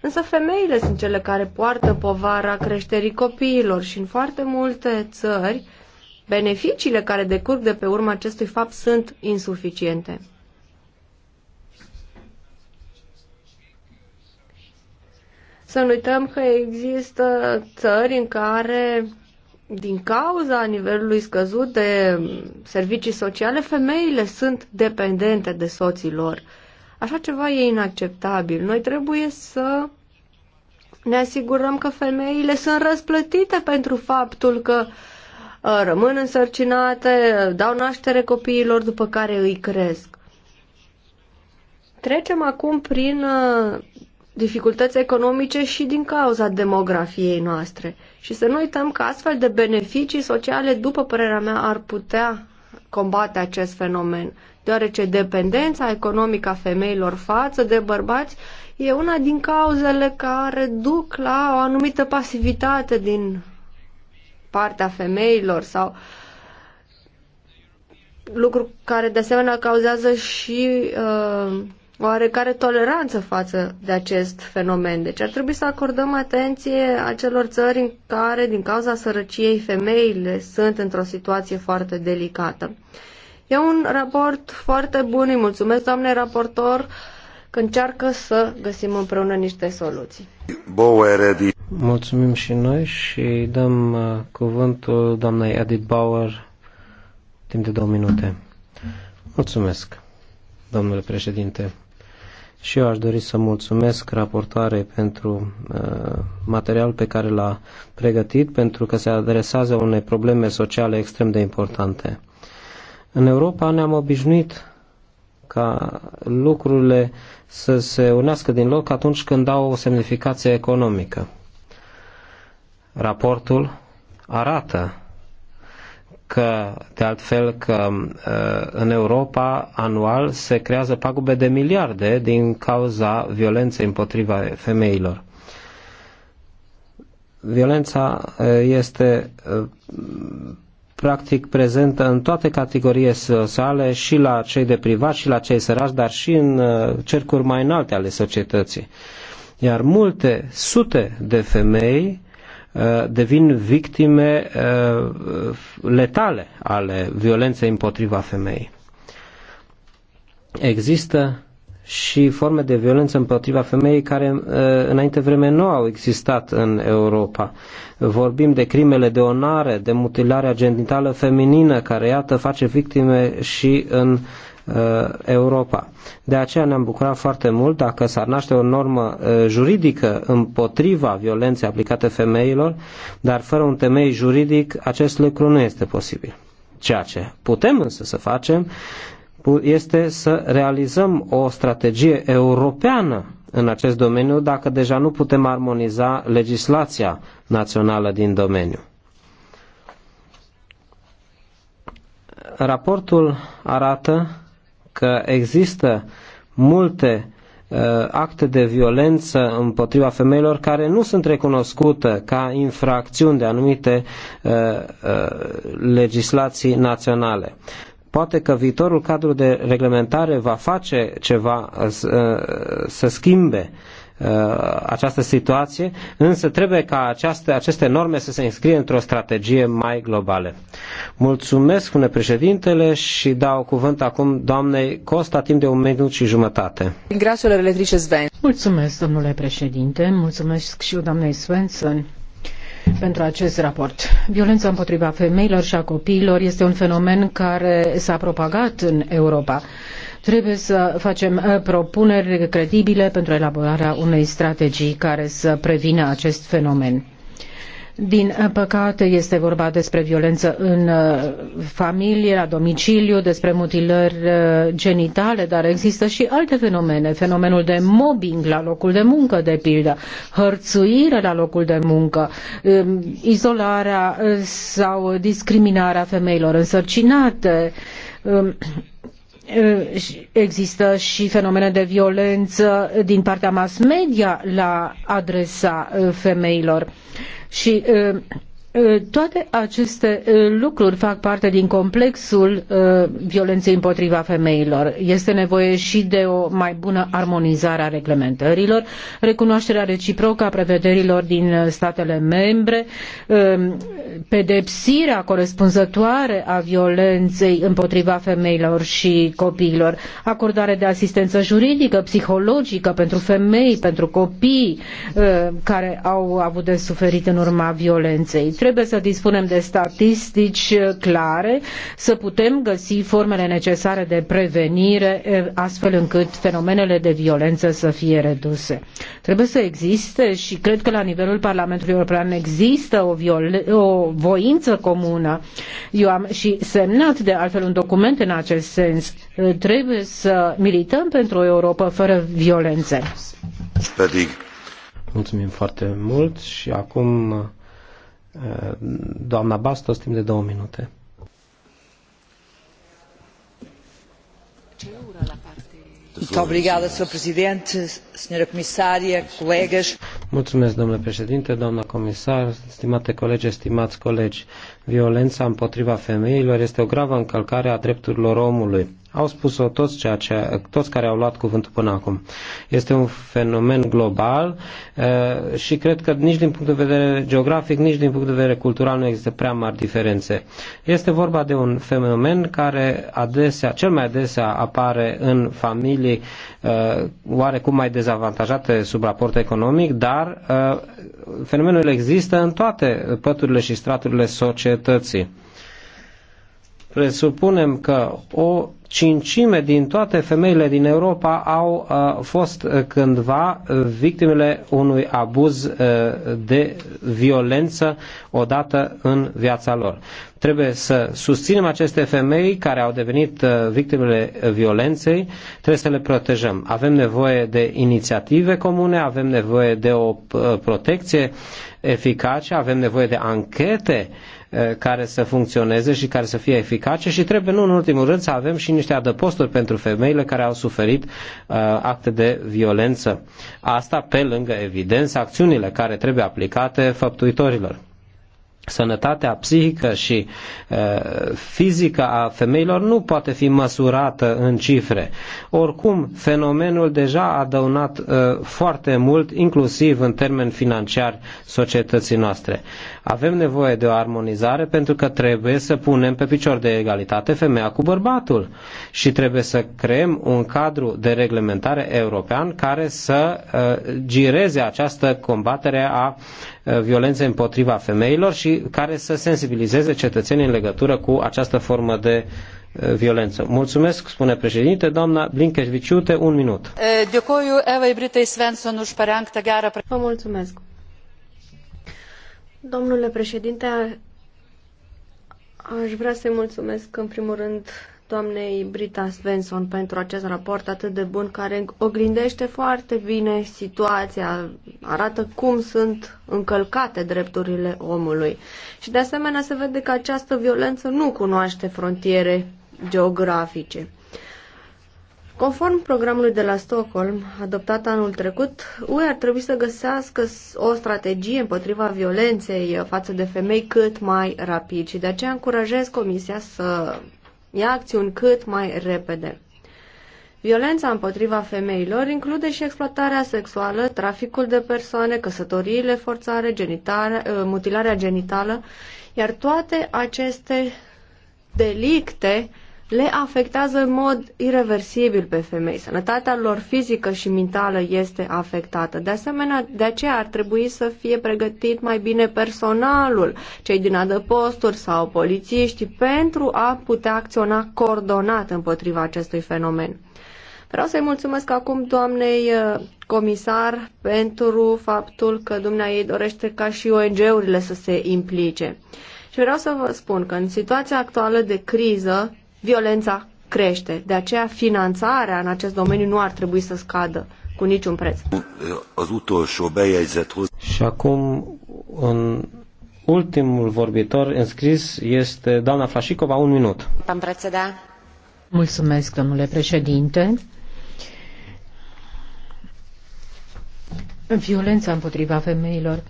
Însă femeile sunt cele care poartă povara creșterii copiilor și în foarte multe țări beneficiile care decurg de pe urma acestui fapt sunt insuficiente. Să nu uităm că există țări în care, din cauza nivelului scăzut de servicii sociale, femeile sunt dependente de soții lor. Așa ceva e inacceptabil. Noi trebuie să ne asigurăm că femeile sunt răsplătite pentru faptul că uh, rămân însărcinate, dau naștere copiilor după care îi cresc. Trecem acum prin uh, dificultăți economice și din cauza demografiei noastre. Și să nu uităm că astfel de beneficii sociale, după părerea mea, ar putea combate acest fenomen, deoarece dependența economică a femeilor față de bărbați e una din cauzele care duc la o anumită pasivitate din partea femeilor sau lucru care de asemenea cauzează și uh, oarecare toleranță față de acest fenomen. Deci ar trebui să acordăm atenție acelor țări în care, din cauza sărăciei, femeile sunt într-o situație foarte delicată. E un raport foarte bun, îi mulțumesc doamnei raportor că încearcă să găsim împreună niște soluții. Mulțumim și noi și dăm uh, cuvântul doamnei Edith Bauer timp de două minute. Mulțumesc, domnule președinte. Și eu aș dori să mulțumesc raportoare pentru uh, materialul pe care l-a pregătit, pentru că se adresează unei probleme sociale extrem de importante. În Europa ne-am obișnuit ca lucrurile să se unească din loc atunci când au o semnificație economică. Raportul arată că, de altfel, că uh, în Europa anual se creează pagube de miliarde din cauza violenței împotriva femeilor. Violența uh, este uh, practic prezentă în toate categoriile sociale, și la cei de privat, și la cei săraci, dar și în cercuri mai înalte ale societății. Iar multe sute de femei Uh, devin victime uh, letale ale violenței împotriva femeii. Există și forme de violență împotriva femeii care uh, înainte vreme nu au existat în Europa. Vorbim de crimele de onoare, de mutilarea genitală feminină, care iată face victime și în uh, Uh, Europa. De aceea ne-am bucurat foarte mult dacă s-ar naște o normă uh, juridică împotriva violenței aplicate femeilor, dar fără un temei juridic acest lucru nu este posibil. Ceea ce putem însă să facem este să realizăm o strategie europeană în acest domeniu dacă deja nu putem armoniza legislația națională din domeniu. Raportul arată că există multe uh, acte de violență împotriva femeilor care nu sunt recunoscute ca infracțiuni de anumite uh, uh, legislații naționale. Poate că viitorul cadru de reglementare va face ceva uh, să schimbe Uh, această situație, însă trebuie ca aceaste, aceste norme să se înscrie într-o strategie mai globală. Mulțumesc, spune președintele, și dau cuvânt acum doamnei Costa timp de un minut și jumătate. Mulțumesc, domnule președinte, mulțumesc și eu doamnei Svensson pentru acest raport. Violența împotriva femeilor și a copiilor este un fenomen care s-a propagat în Europa Trebuie să facem uh, propuneri credibile pentru elaborarea unei strategii care să prevină acest fenomen. Din uh, păcate este vorba despre violență în uh, familie, la domiciliu, despre mutilări genitale, dar există și alte fenomene. Fenomenul de mobbing la locul de muncă, de pildă, hărțuire la locul de muncă, um, izolarea sau discriminarea femeilor însărcinate, um, Eh, există și fenomene de violență din partea mass media la adresa eh, femeilor. Și eh, Ă, toate aceste ă, lucruri fac parte din complexul ă, violenței împotriva femeilor. Este nevoie și de o mai bună armonizare a reglementărilor, recunoașterea reciprocă a prevederilor din statele membre, pedepsirea corespunzătoare a violenței împotriva femeilor și copiilor, acordare de asistență juridică, psihologică pentru femei, pentru copii care au avut de suferit în urma violenței trebuie să dispunem de statistici clare, să putem găsi formele necesare de prevenire, astfel încât fenomenele de violență să fie reduse. Trebuie să existe și cred că la nivelul Parlamentului European există o, viol- o voință comună. Eu am și semnat de altfel un document în acest sens. Trebuie să milităm pentru o Europa fără violențe. Mulțumim foarte mult și acum doamna Bastos timp de două minute. Mulțumesc, domnule președinte, Sra. comisar, estimados colegi, estimados colegi. Violența împotriva femeilor este o gravă încălcare a drepturilor omului. Au spus-o toți, ceea ce, toți care au luat cuvântul până acum. Este un fenomen global și cred că nici din punct de vedere geografic, nici din punct de vedere cultural nu există prea mari diferențe. Este vorba de un fenomen care adesea, cel mai adesea apare în familii oarecum mai dezavantajate sub raport economic, dar fenomenul există în toate păturile și straturile societății societății. Presupunem că o cincime din toate femeile din Europa au uh, fost uh, cândva uh, victimele unui abuz uh, de violență odată în viața lor. Trebuie să susținem aceste femei care au devenit uh, victimele violenței, trebuie să le protejăm. Avem nevoie de inițiative comune, avem nevoie de o uh, protecție eficace, avem nevoie de anchete uh, Eh, care să funcționeze și care să fie eficace și trebuie, nu în ultimul rând, să avem și niște adăposturi pentru femeile care au suferit eh, acte de violență. Asta pe lângă, evidență acțiunile care trebuie aplicate făptuitorilor sănătatea psihică și uh, fizică a femeilor nu poate fi măsurată în cifre. Oricum, fenomenul deja a dăunat uh, foarte mult, inclusiv în termeni financiari, societății noastre. Avem nevoie de o armonizare pentru că trebuie să punem pe picior de egalitate femeia cu bărbatul și trebuie să creăm un cadru de reglementare european care să uh, gireze această combatere a uh, Uh, violențe împotriva femeilor și care să sensibilizeze cetățenii în legătură cu această formă de uh, violență. Mulțumesc, spune președinte, doamna Blinkevičiūtė, un minut. Uh, Vă mulțumesc. Domnule președinte, aș vrea să-i mulțumesc în primul rând doamnei Brita Svensson pentru acest raport atât de bun care oglindește foarte bine situația, arată cum sunt încălcate drepturile omului. Și de asemenea se vede că această violență nu cunoaște frontiere geografice. Conform programului de la Stockholm, adoptat anul trecut, UE ar trebui să găsească o strategie împotriva violenței față de femei cât mai rapid și de aceea încurajez Comisia să ia acțiuni cât mai repede. Violența împotriva femeilor include și exploatarea sexuală, traficul de persoane, căsătoriile forțare, uh, mutilarea genitală, iar toate aceste delicte le afectează în mod irreversibil pe femei. Sănătatea lor fizică și mentală este afectată. De asemenea, de aceea ar trebui să fie pregătit mai bine personalul, cei din adăposturi sau polițiștii, pentru a putea acționa coordonat împotriva acestui fenomen. Vreau să-i mulțumesc acum doamnei uh, comisar pentru faptul că dumnea ei dorește ca și ONG-urile să se implice. Și vreau să vă spun că în situația actuală de criză, violența crește. De aceea finanțarea în acest domeniu nu ar trebui să scadă cu niciun preț. Și acum în ultimul vorbitor înscris este doamna Flașicova, un minut. Mulțumesc, domnule președinte. Violența împotriva femeilor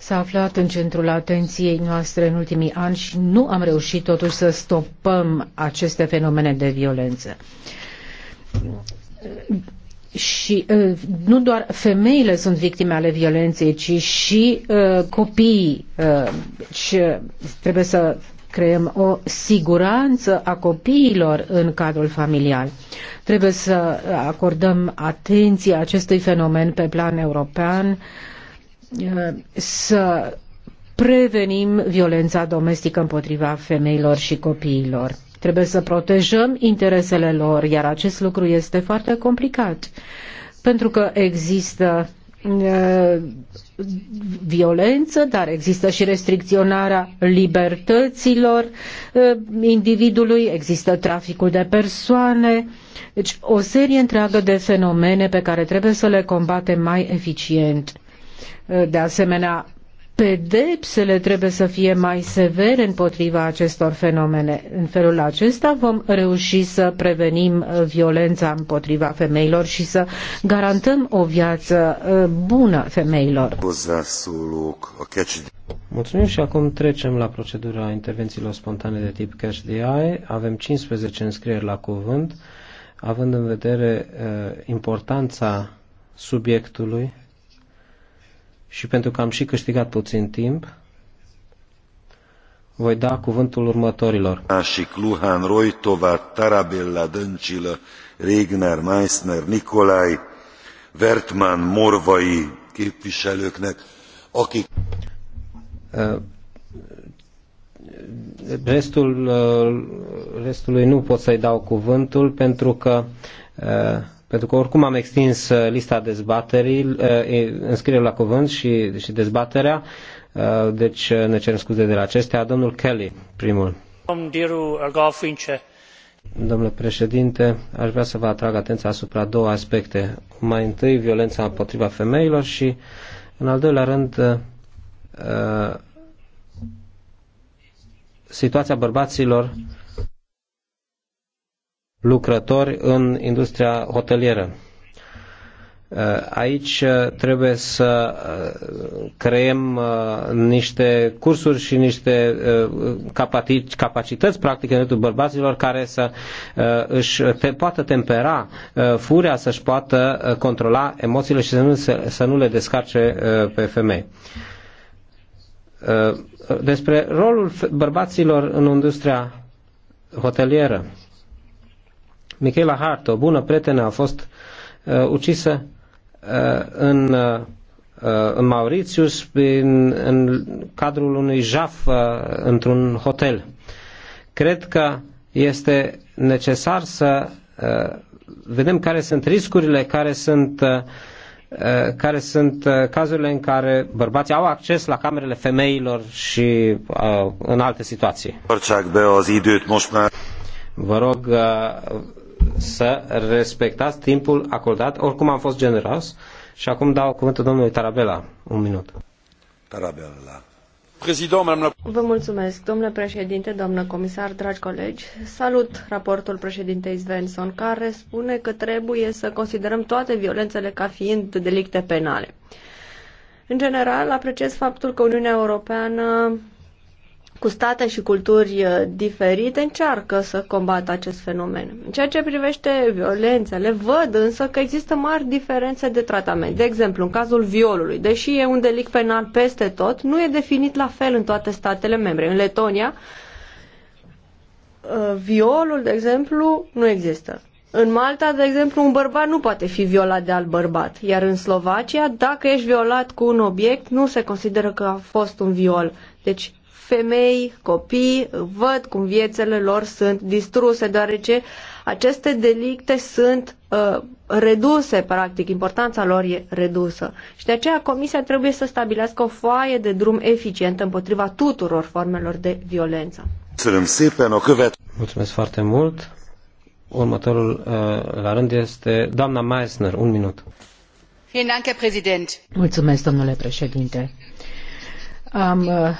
s-a aflat în centrul atenției noastre în ultimii ani și nu am reușit totuși să stopăm aceste fenomene de violență. Și uh, nu doar femeile sunt victime ale violenței, ci și uh, copiii. Uh, și uh, trebuie să creăm o siguranță a copiilor în cadrul familial. Trebuie să acordăm atenție acestui fenomen pe plan european. Uh, Eh, să prevenim violența domestică împotriva femeilor și copiilor. Trebuie să protejăm interesele lor, iar acest lucru este foarte complicat, pentru că există eh, violență, dar există și restricționarea libertăților eh, individului, există traficul de persoane, deci o serie întreagă de fenomene pe care trebuie să le combatem mai eficient. De asemenea, pedepsele trebuie să fie mai severe împotriva acestor fenomene. În felul acesta vom reuși să prevenim uh, violența împotriva femeilor și să garantăm o viață uh, bună femeilor. Mulțumim și acum trecem la procedura intervențiilor spontane de tip Cash the Eye. Avem 15 înscrieri la cuvânt, având în vedere uh, importanța subiectului și pentru că am și câștigat puțin timp, voi da cuvântul următorilor. Másik Luhán Roitova, Tarabella Dăncilă, Regner Meissner, Nikolai, Vertman, Morvai képviselőknek, akik... Restul, restului nu pot să-i dau cuvântul pentru că pentru că oricum am extins uh, lista dezbaterii, uh, înscrierea la cuvânt și, și dezbaterea, uh, deci ne cerem scuze de la acestea. Domnul Kelly, primul. Domnule președinte, aș vrea să vă atrag atenția asupra două aspecte. Mai întâi, violența împotriva femeilor și, în al doilea rând, situația bărbaților lucrători în industria hotelieră. Aici uh, trebuie să uh, creăm uh, niște cursuri și niște capacități practice în rândul bărbaților care să își te, poată tempera furia, să-și poată controla emoțiile și să nu, să nu le descarce pe femei despre rolul bărbaților în industria hotelieră. Michaela Hart, o bună prietenă, a fost uh, ucisă uh, în, uh, uh în Mauritius în, în cadrul unui jaf uh, într-un hotel. Cred că este necesar să uh, vedem care sunt riscurile, care sunt uh, uh care sunt uh, cazurile în care bărbații au acces la camerele femeilor și uh, în alte situații. Vă rog, uh, să respectați timpul acordat. Oricum am fost generos și acum dau cuvântul domnului Tarabela. Un minut. Tarabela. Vă mulțumesc, domnule președinte, doamnă comisar, dragi colegi. Salut raportul președintei Svensson, care spune că trebuie să considerăm toate violențele ca fiind delicte penale. În general, apreciez faptul că Uniunea Europeană cu state și culturi uh, diferite încearcă să combată acest fenomen. În ceea ce privește violențele, văd însă că există mari diferențe de tratament. De exemplu, în cazul violului, deși e un delict penal peste tot, nu e definit la fel în toate statele membre. În Letonia, uh, violul, de exemplu, nu există. În Malta, de exemplu, un bărbat nu poate fi violat de alt bărbat, iar în Slovacia, dacă ești violat cu un obiect, nu se consideră că a fost un viol. Deci femei, copii văd cum viețile lor sunt distruse, deoarece aceste delicte sunt uh, reduse, practic, importanța lor e redusă. Și de aceea Comisia trebuie să stabilească o foaie de drum eficientă împotriva tuturor formelor de violență. Mulțumesc foarte mult. Următorul uh, la rând este doamna Meissner, un minut. Mulțumesc, domnule președinte. Am uh,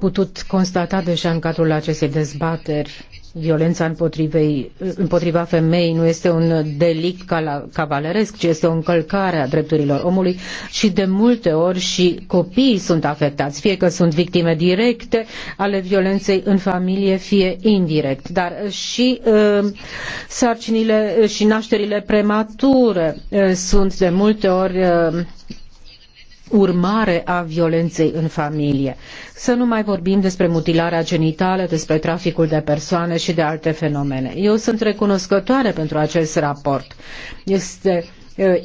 putut constata deja în cadrul acestei dezbateri. Violența împotriva femeii nu este un delict cavaleresc, ci este o încălcare a drepturilor omului și de multe ori și copiii sunt afectați, fie că sunt victime directe ale violenței în familie, fie indirect. Dar și uh, sarcinile și nașterile premature uh, sunt de multe ori uh, urmare a violenței în familie. Să nu mai vorbim despre mutilarea genitală, despre traficul de persoane și de alte fenomene. Eu sunt recunoscătoare pentru acest raport. Este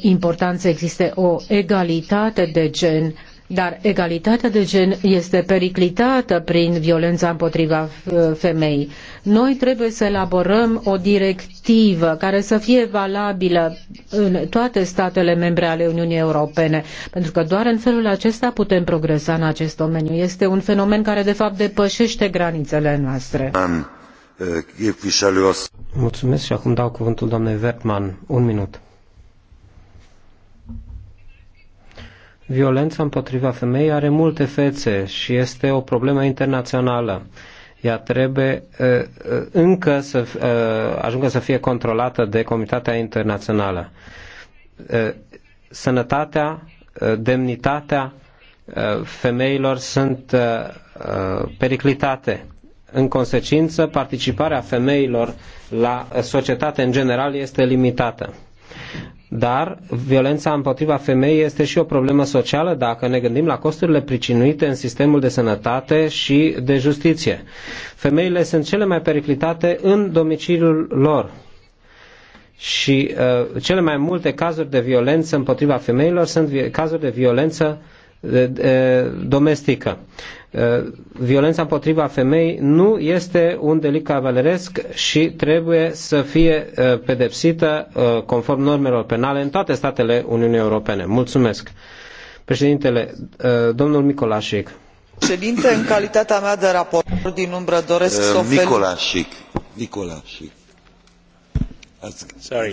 important să existe o egalitate de gen dar egalitatea de gen este periclitată prin violența împotriva uh, femeii. Noi trebuie să elaborăm o directivă care să fie valabilă în toate statele membre ale Uniunii Europene, pentru că doar în felul acesta putem progresa în acest domeniu. Este un fenomen care, de fapt, depășește granițele noastre. Uh, Mulțumesc și acum dau cuvântul doamnei Vertman. Un minut. Violența împotriva femeii are multe fețe și este o problemă internațională. Ea trebuie uh, uh, încă să uh, ajungă să fie controlată de Comitatea Internațională. Sănătatea, demnitatea femeilor sunt periclitate. În consecință, participarea femeilor la societate în general este limitată. Dar violența împotriva femeii este și o problemă socială dacă ne gândim la costurile pricinuite în sistemul de sănătate și de justiție. Femeile sunt cele mai periclitate în domiciliul lor, și uh, cele mai multe cazuri de violență împotriva femeilor sunt cazuri de violență domestică. Violența împotriva femei nu este un delict cavaleresc și trebuie să fie pedepsită conform normelor penale în toate statele Uniunii Europene. Mulțumesc. Președintele, domnul Micolașic. Președinte, în calitatea mea de raportor din umbră doresc să ofer... Micolașic. Micolașic Uh,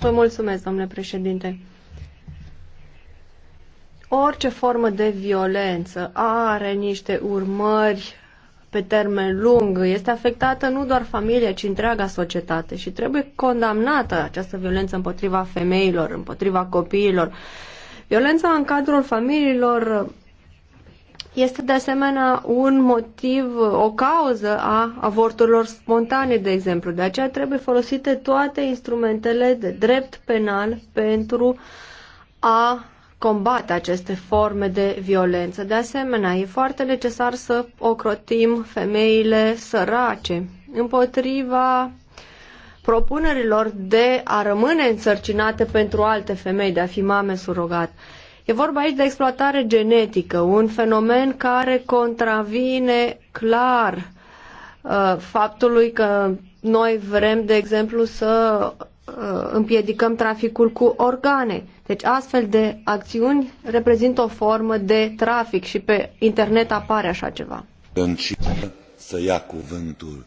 Vă mulțumesc, domnule președinte. Orice formă de violență are niște urmări pe termen lung. Este afectată nu doar familia, ci întreaga societate și trebuie condamnată această violență împotriva femeilor, împotriva copiilor. Violența în cadrul familiilor este de asemenea un motiv, o cauză a avorturilor spontane, de exemplu. De aceea trebuie folosite toate instrumentele de drept penal pentru a combate aceste forme de violență. De asemenea, e foarte necesar să ocrotim femeile sărace împotriva propunerilor de a rămâne însărcinate pentru alte femei, de a fi mame surogat. E vorba aici de exploatare genetică, un fenomen care contravine clar uh, faptului că noi vrem, de exemplu, să uh, împiedicăm traficul cu organe. Deci astfel de acțiuni reprezintă o formă de trafic și pe internet apare așa ceva. Dăncilă să ia cuvântul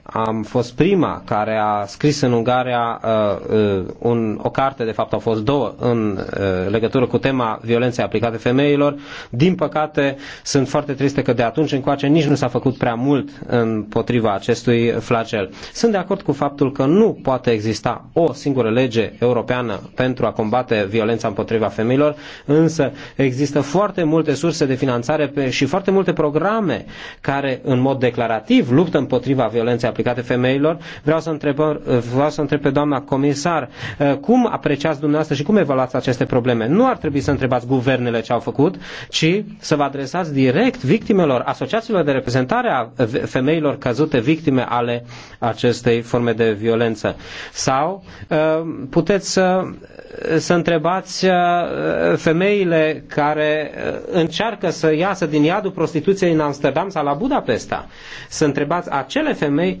am fost prima care a scris în Ungaria uh, uh, un, o carte, de fapt au fost două, în uh, legătură cu tema violenței aplicate femeilor. Din păcate, sunt foarte triste că de atunci încoace nici nu s-a făcut prea mult împotriva acestui flagel. Sunt de acord cu faptul că nu poate exista o singură lege europeană pentru a combate violența împotriva femeilor, însă există foarte multe surse de finanțare pe, și foarte multe programe care, în mod declarativ, luptă împotriva violenței aplicate femeilor. Vreau să întreb, vreau să întreb pe doamna comisar eh, cum apreciați dumneavoastră și cum evaluați aceste probleme. Nu ar trebui să întrebați guvernele ce au făcut, ci să vă adresați direct victimelor, asociațiilor de reprezentare a femeilor căzute victime ale acestei forme de violență. Sau eh, puteți să, să întrebați eh, femeile care încearcă să iasă din iadul prostituției în Amsterdam sau la Budapesta. Să întrebați acele femei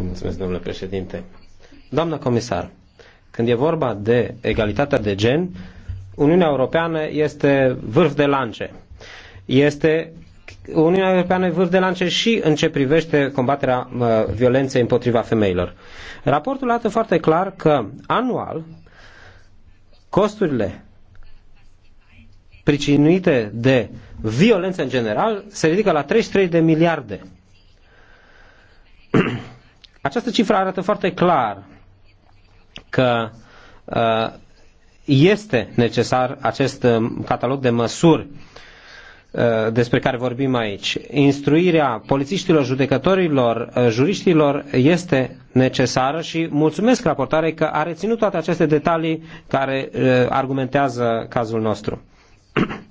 Mulțumesc, domnule președinte. Doamnă comisar, când e vorba de egalitatea de gen, Uniunea Europeană este vârf de lance. Este Uniunea Europeană vârf de lance și în ce privește combaterea violenței împotriva femeilor. Raportul arată foarte clar că anual costurile pricinuite de violență în general se ridică la 33 de miliarde (clears throat) Această cifră arată foarte clar că uh, este necesar acest uh, catalog de măsuri uh, despre care vorbim aici. Instruirea polițiștilor, judecătorilor, juriștilor este necesară și mulțumesc raportare că a reținut toate aceste detalii care argumentează cazul nostru. (clears throat)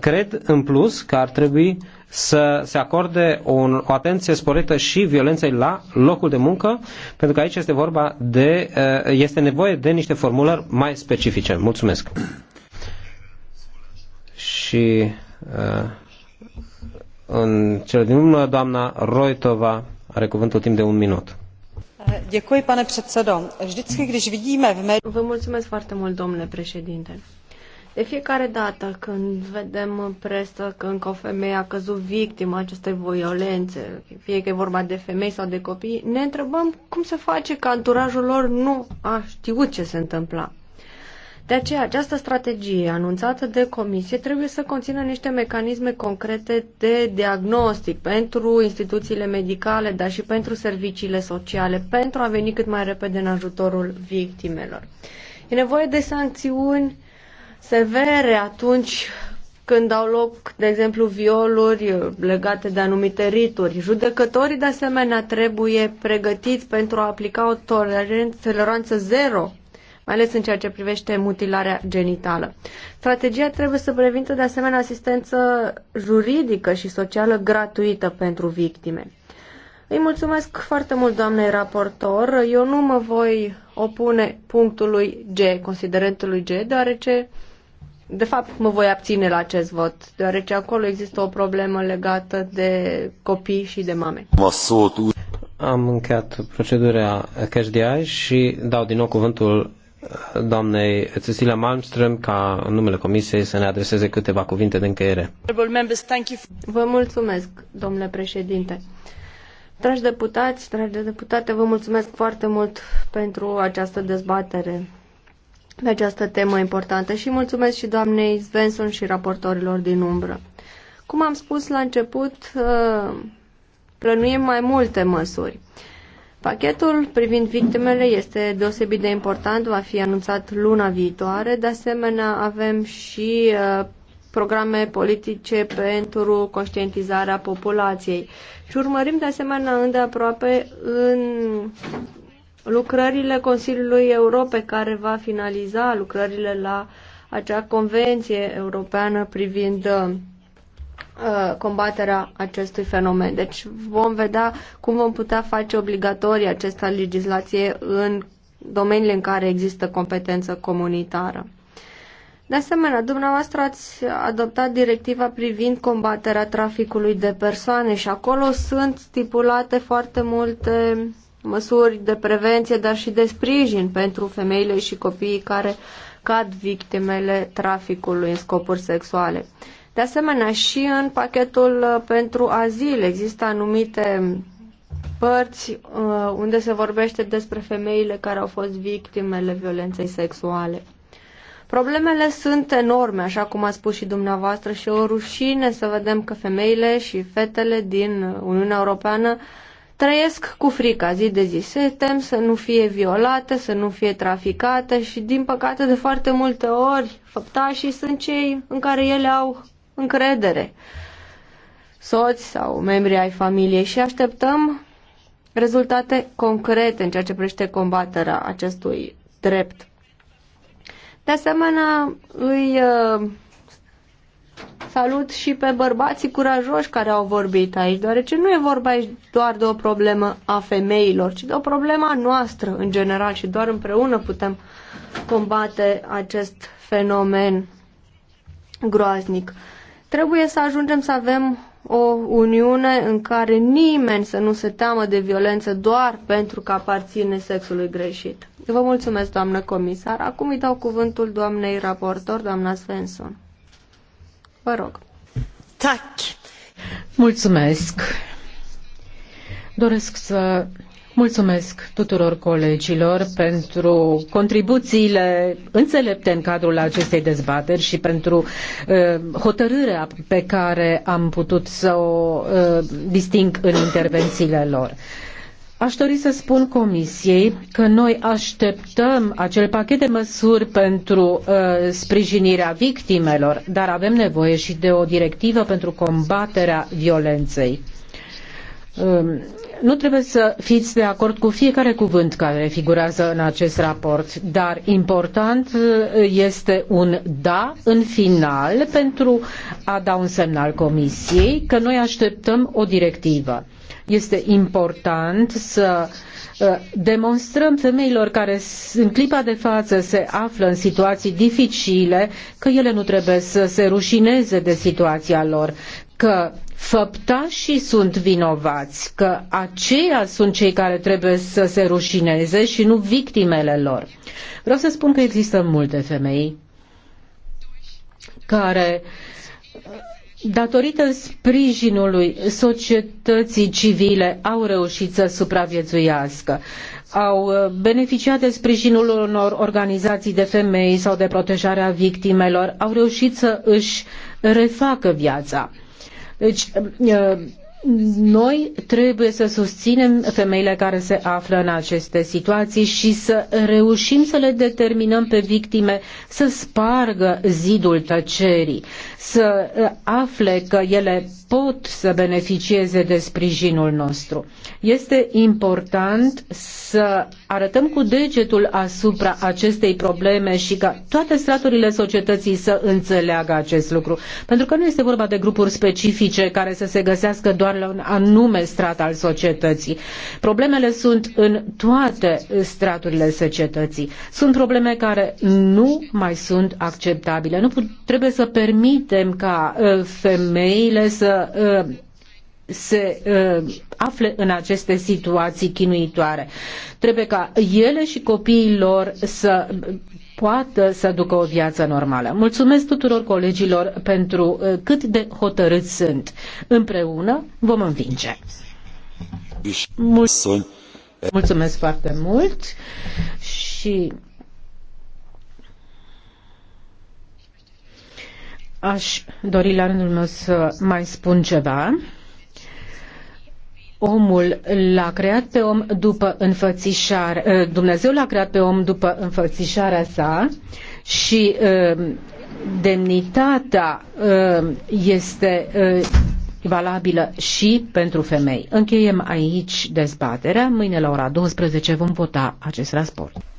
Cred, în plus, că ar trebui să se acorde o, o atenție sporită și violenței la locul de muncă, pentru că aici este vorba de, eh, este nevoie de niște formulări mai specifice. Mulțumesc. Și eh, în cele din urmă, doamna Roitova are cuvântul timp de un minut. Eh, děkuji, pane předsedo. Vždycky, když vidíme v médiích... Vă mulțumesc foarte mult, domnule președinte. De fiecare dată când vedem în presă că încă o femeie a căzut victima acestei violențe, fie că e vorba de femei sau de copii, ne întrebăm cum se face că anturajul lor nu a știut ce se întâmpla. De aceea, această strategie anunțată de comisie trebuie să conțină niște mecanisme concrete de diagnostic pentru instituțiile medicale, dar și pentru serviciile sociale, pentru a veni cât mai repede în ajutorul victimelor. E nevoie de sancțiuni severe atunci când au loc, de exemplu, violuri legate de anumite rituri. Judecătorii, de asemenea, trebuie pregătiți pentru a aplica o toleranță zero, mai ales în ceea ce privește mutilarea genitală. Strategia trebuie să previntă, de asemenea, asistență juridică și socială gratuită pentru victime. Îi mulțumesc foarte mult, doamnei raportor. Eu nu mă voi opune punctului G, considerentului G, deoarece de fapt, mă voi abține la acest vot, deoarece acolo există o problemă legată de copii și de mame. Am încheiat procedura CashDI și dau din nou cuvântul uh, doamnei Cecilia Malmström ca în numele Comisiei să ne adreseze câteva cuvinte de încheiere. Vă mulțumesc, domnule președinte. Dragi deputați, dragi deputate, vă mulțumesc foarte mult pentru această dezbatere pe această temă importantă și mulțumesc și doamnei Svensson și raportorilor din umbră. Cum am spus la început, uh, plănuim mai multe măsuri. Pachetul privind victimele este deosebit de important, va fi anunțat luna viitoare. De asemenea, avem și uh, programe politice pentru conștientizarea populației. Și urmărim de asemenea îndeaproape în lucrările Consiliului Europei care va finaliza lucrările la acea convenție europeană privind uh, combaterea acestui fenomen. Deci vom vedea cum vom putea face obligatorie această legislație în domeniile în care există competență comunitară. De asemenea, dumneavoastră ați adoptat directiva privind combaterea traficului de persoane și acolo sunt stipulate foarte multe măsuri de prevenție, dar și de sprijin pentru femeile și copiii care cad victimele traficului în scopuri sexuale. De asemenea, și în pachetul uh, pentru azil există anumite părți uh, unde se vorbește despre femeile care au fost victimele violenței sexuale. Problemele sunt enorme, așa cum a spus și dumneavoastră, și o rușine să vedem că femeile și fetele din Uniunea Europeană uh, trăiesc cu frica zi de zi. Se tem să nu fie violată, să nu fie traficată și, din păcate, de foarte multe ori, făptașii sunt cei în care ele au încredere. Soți sau membri ai familiei și așteptăm rezultate concrete în ceea ce privește combaterea acestui drept. De asemenea, îi uh, salut și pe bărbații curajoși care au vorbit aici, deoarece nu e vorba aici doar de o problemă a femeilor, ci de o problemă a noastră în general și doar împreună putem combate acest fenomen groaznic. Trebuie să ajungem să avem o uniune în care nimeni să nu se teamă de violență doar pentru că aparține sexului greșit. Vă mulțumesc, doamnă comisar. Acum îi dau cuvântul doamnei raportor, doamna Svensson. Vă rog. Tac. Mulțumesc. Doresc să mulțumesc tuturor colegilor pentru contribuțiile înțelepte în cadrul acestei dezbateri și pentru uh, hotărârea pe care am putut să o uh, disting în intervențiile lor. Uh, Aș dori să spun Comisiei că noi așteptăm acel pachet de măsuri pentru uh, sprijinirea victimelor, dar avem nevoie și de o directivă pentru combaterea violenței. Um, nu trebuie să fiți de acord cu fiecare cuvânt care figurează în acest raport, dar important uh, este un da în final pentru a da un semnal Comisiei că noi așteptăm o directivă. Este important să uh, demonstrăm femeilor care în clipa de față se află în situații dificile că ele nu trebuie să se rușineze de situația lor, că făptașii sunt vinovați, că aceia sunt cei care trebuie să se rușineze și nu victimele lor. Vreau să spun că există multe femei care uh, datorită sprijinului societății civile, au reușit să supraviețuiască. Au uh, beneficiat de sprijinul unor organizații de femei sau de protejarea victimelor, au reușit să își refacă viața. Deci, uh, noi trebuie să susținem femeile care se află în aceste situații și să reușim să le determinăm pe victime să spargă zidul tăcerii, să uh, afle că ele pot să beneficieze de sprijinul nostru. Este important să arătăm cu degetul asupra acestei probleme și ca toate straturile societății să înțeleagă acest lucru. Pentru că nu este vorba de grupuri specifice care să se găsească doar la un anume strat al societății. Problemele sunt în toate straturile societății. Sunt probleme care nu mai sunt acceptabile. Nu trebuie să permitem ca uh, femeile să să uh, se uh, afle în aceste situații chinuitoare. Trebuie ca ele și copiii lor să poată să ducă o viață normală. Mulțumesc tuturor colegilor pentru uh, cât de hotărâți sunt. Împreună vom învinge. Mulțumesc foarte mult și Aș dori la rândul meu să mai spun ceva. Omul l-a creat pe om după înfățișare, eh, Dumnezeu l-a creat pe om după înfățișarea sa și eh, demnitatea eh, este valabilă și pentru femei. Încheiem aici dezbaterea. Mâine la ora 12 vom vota acest raport.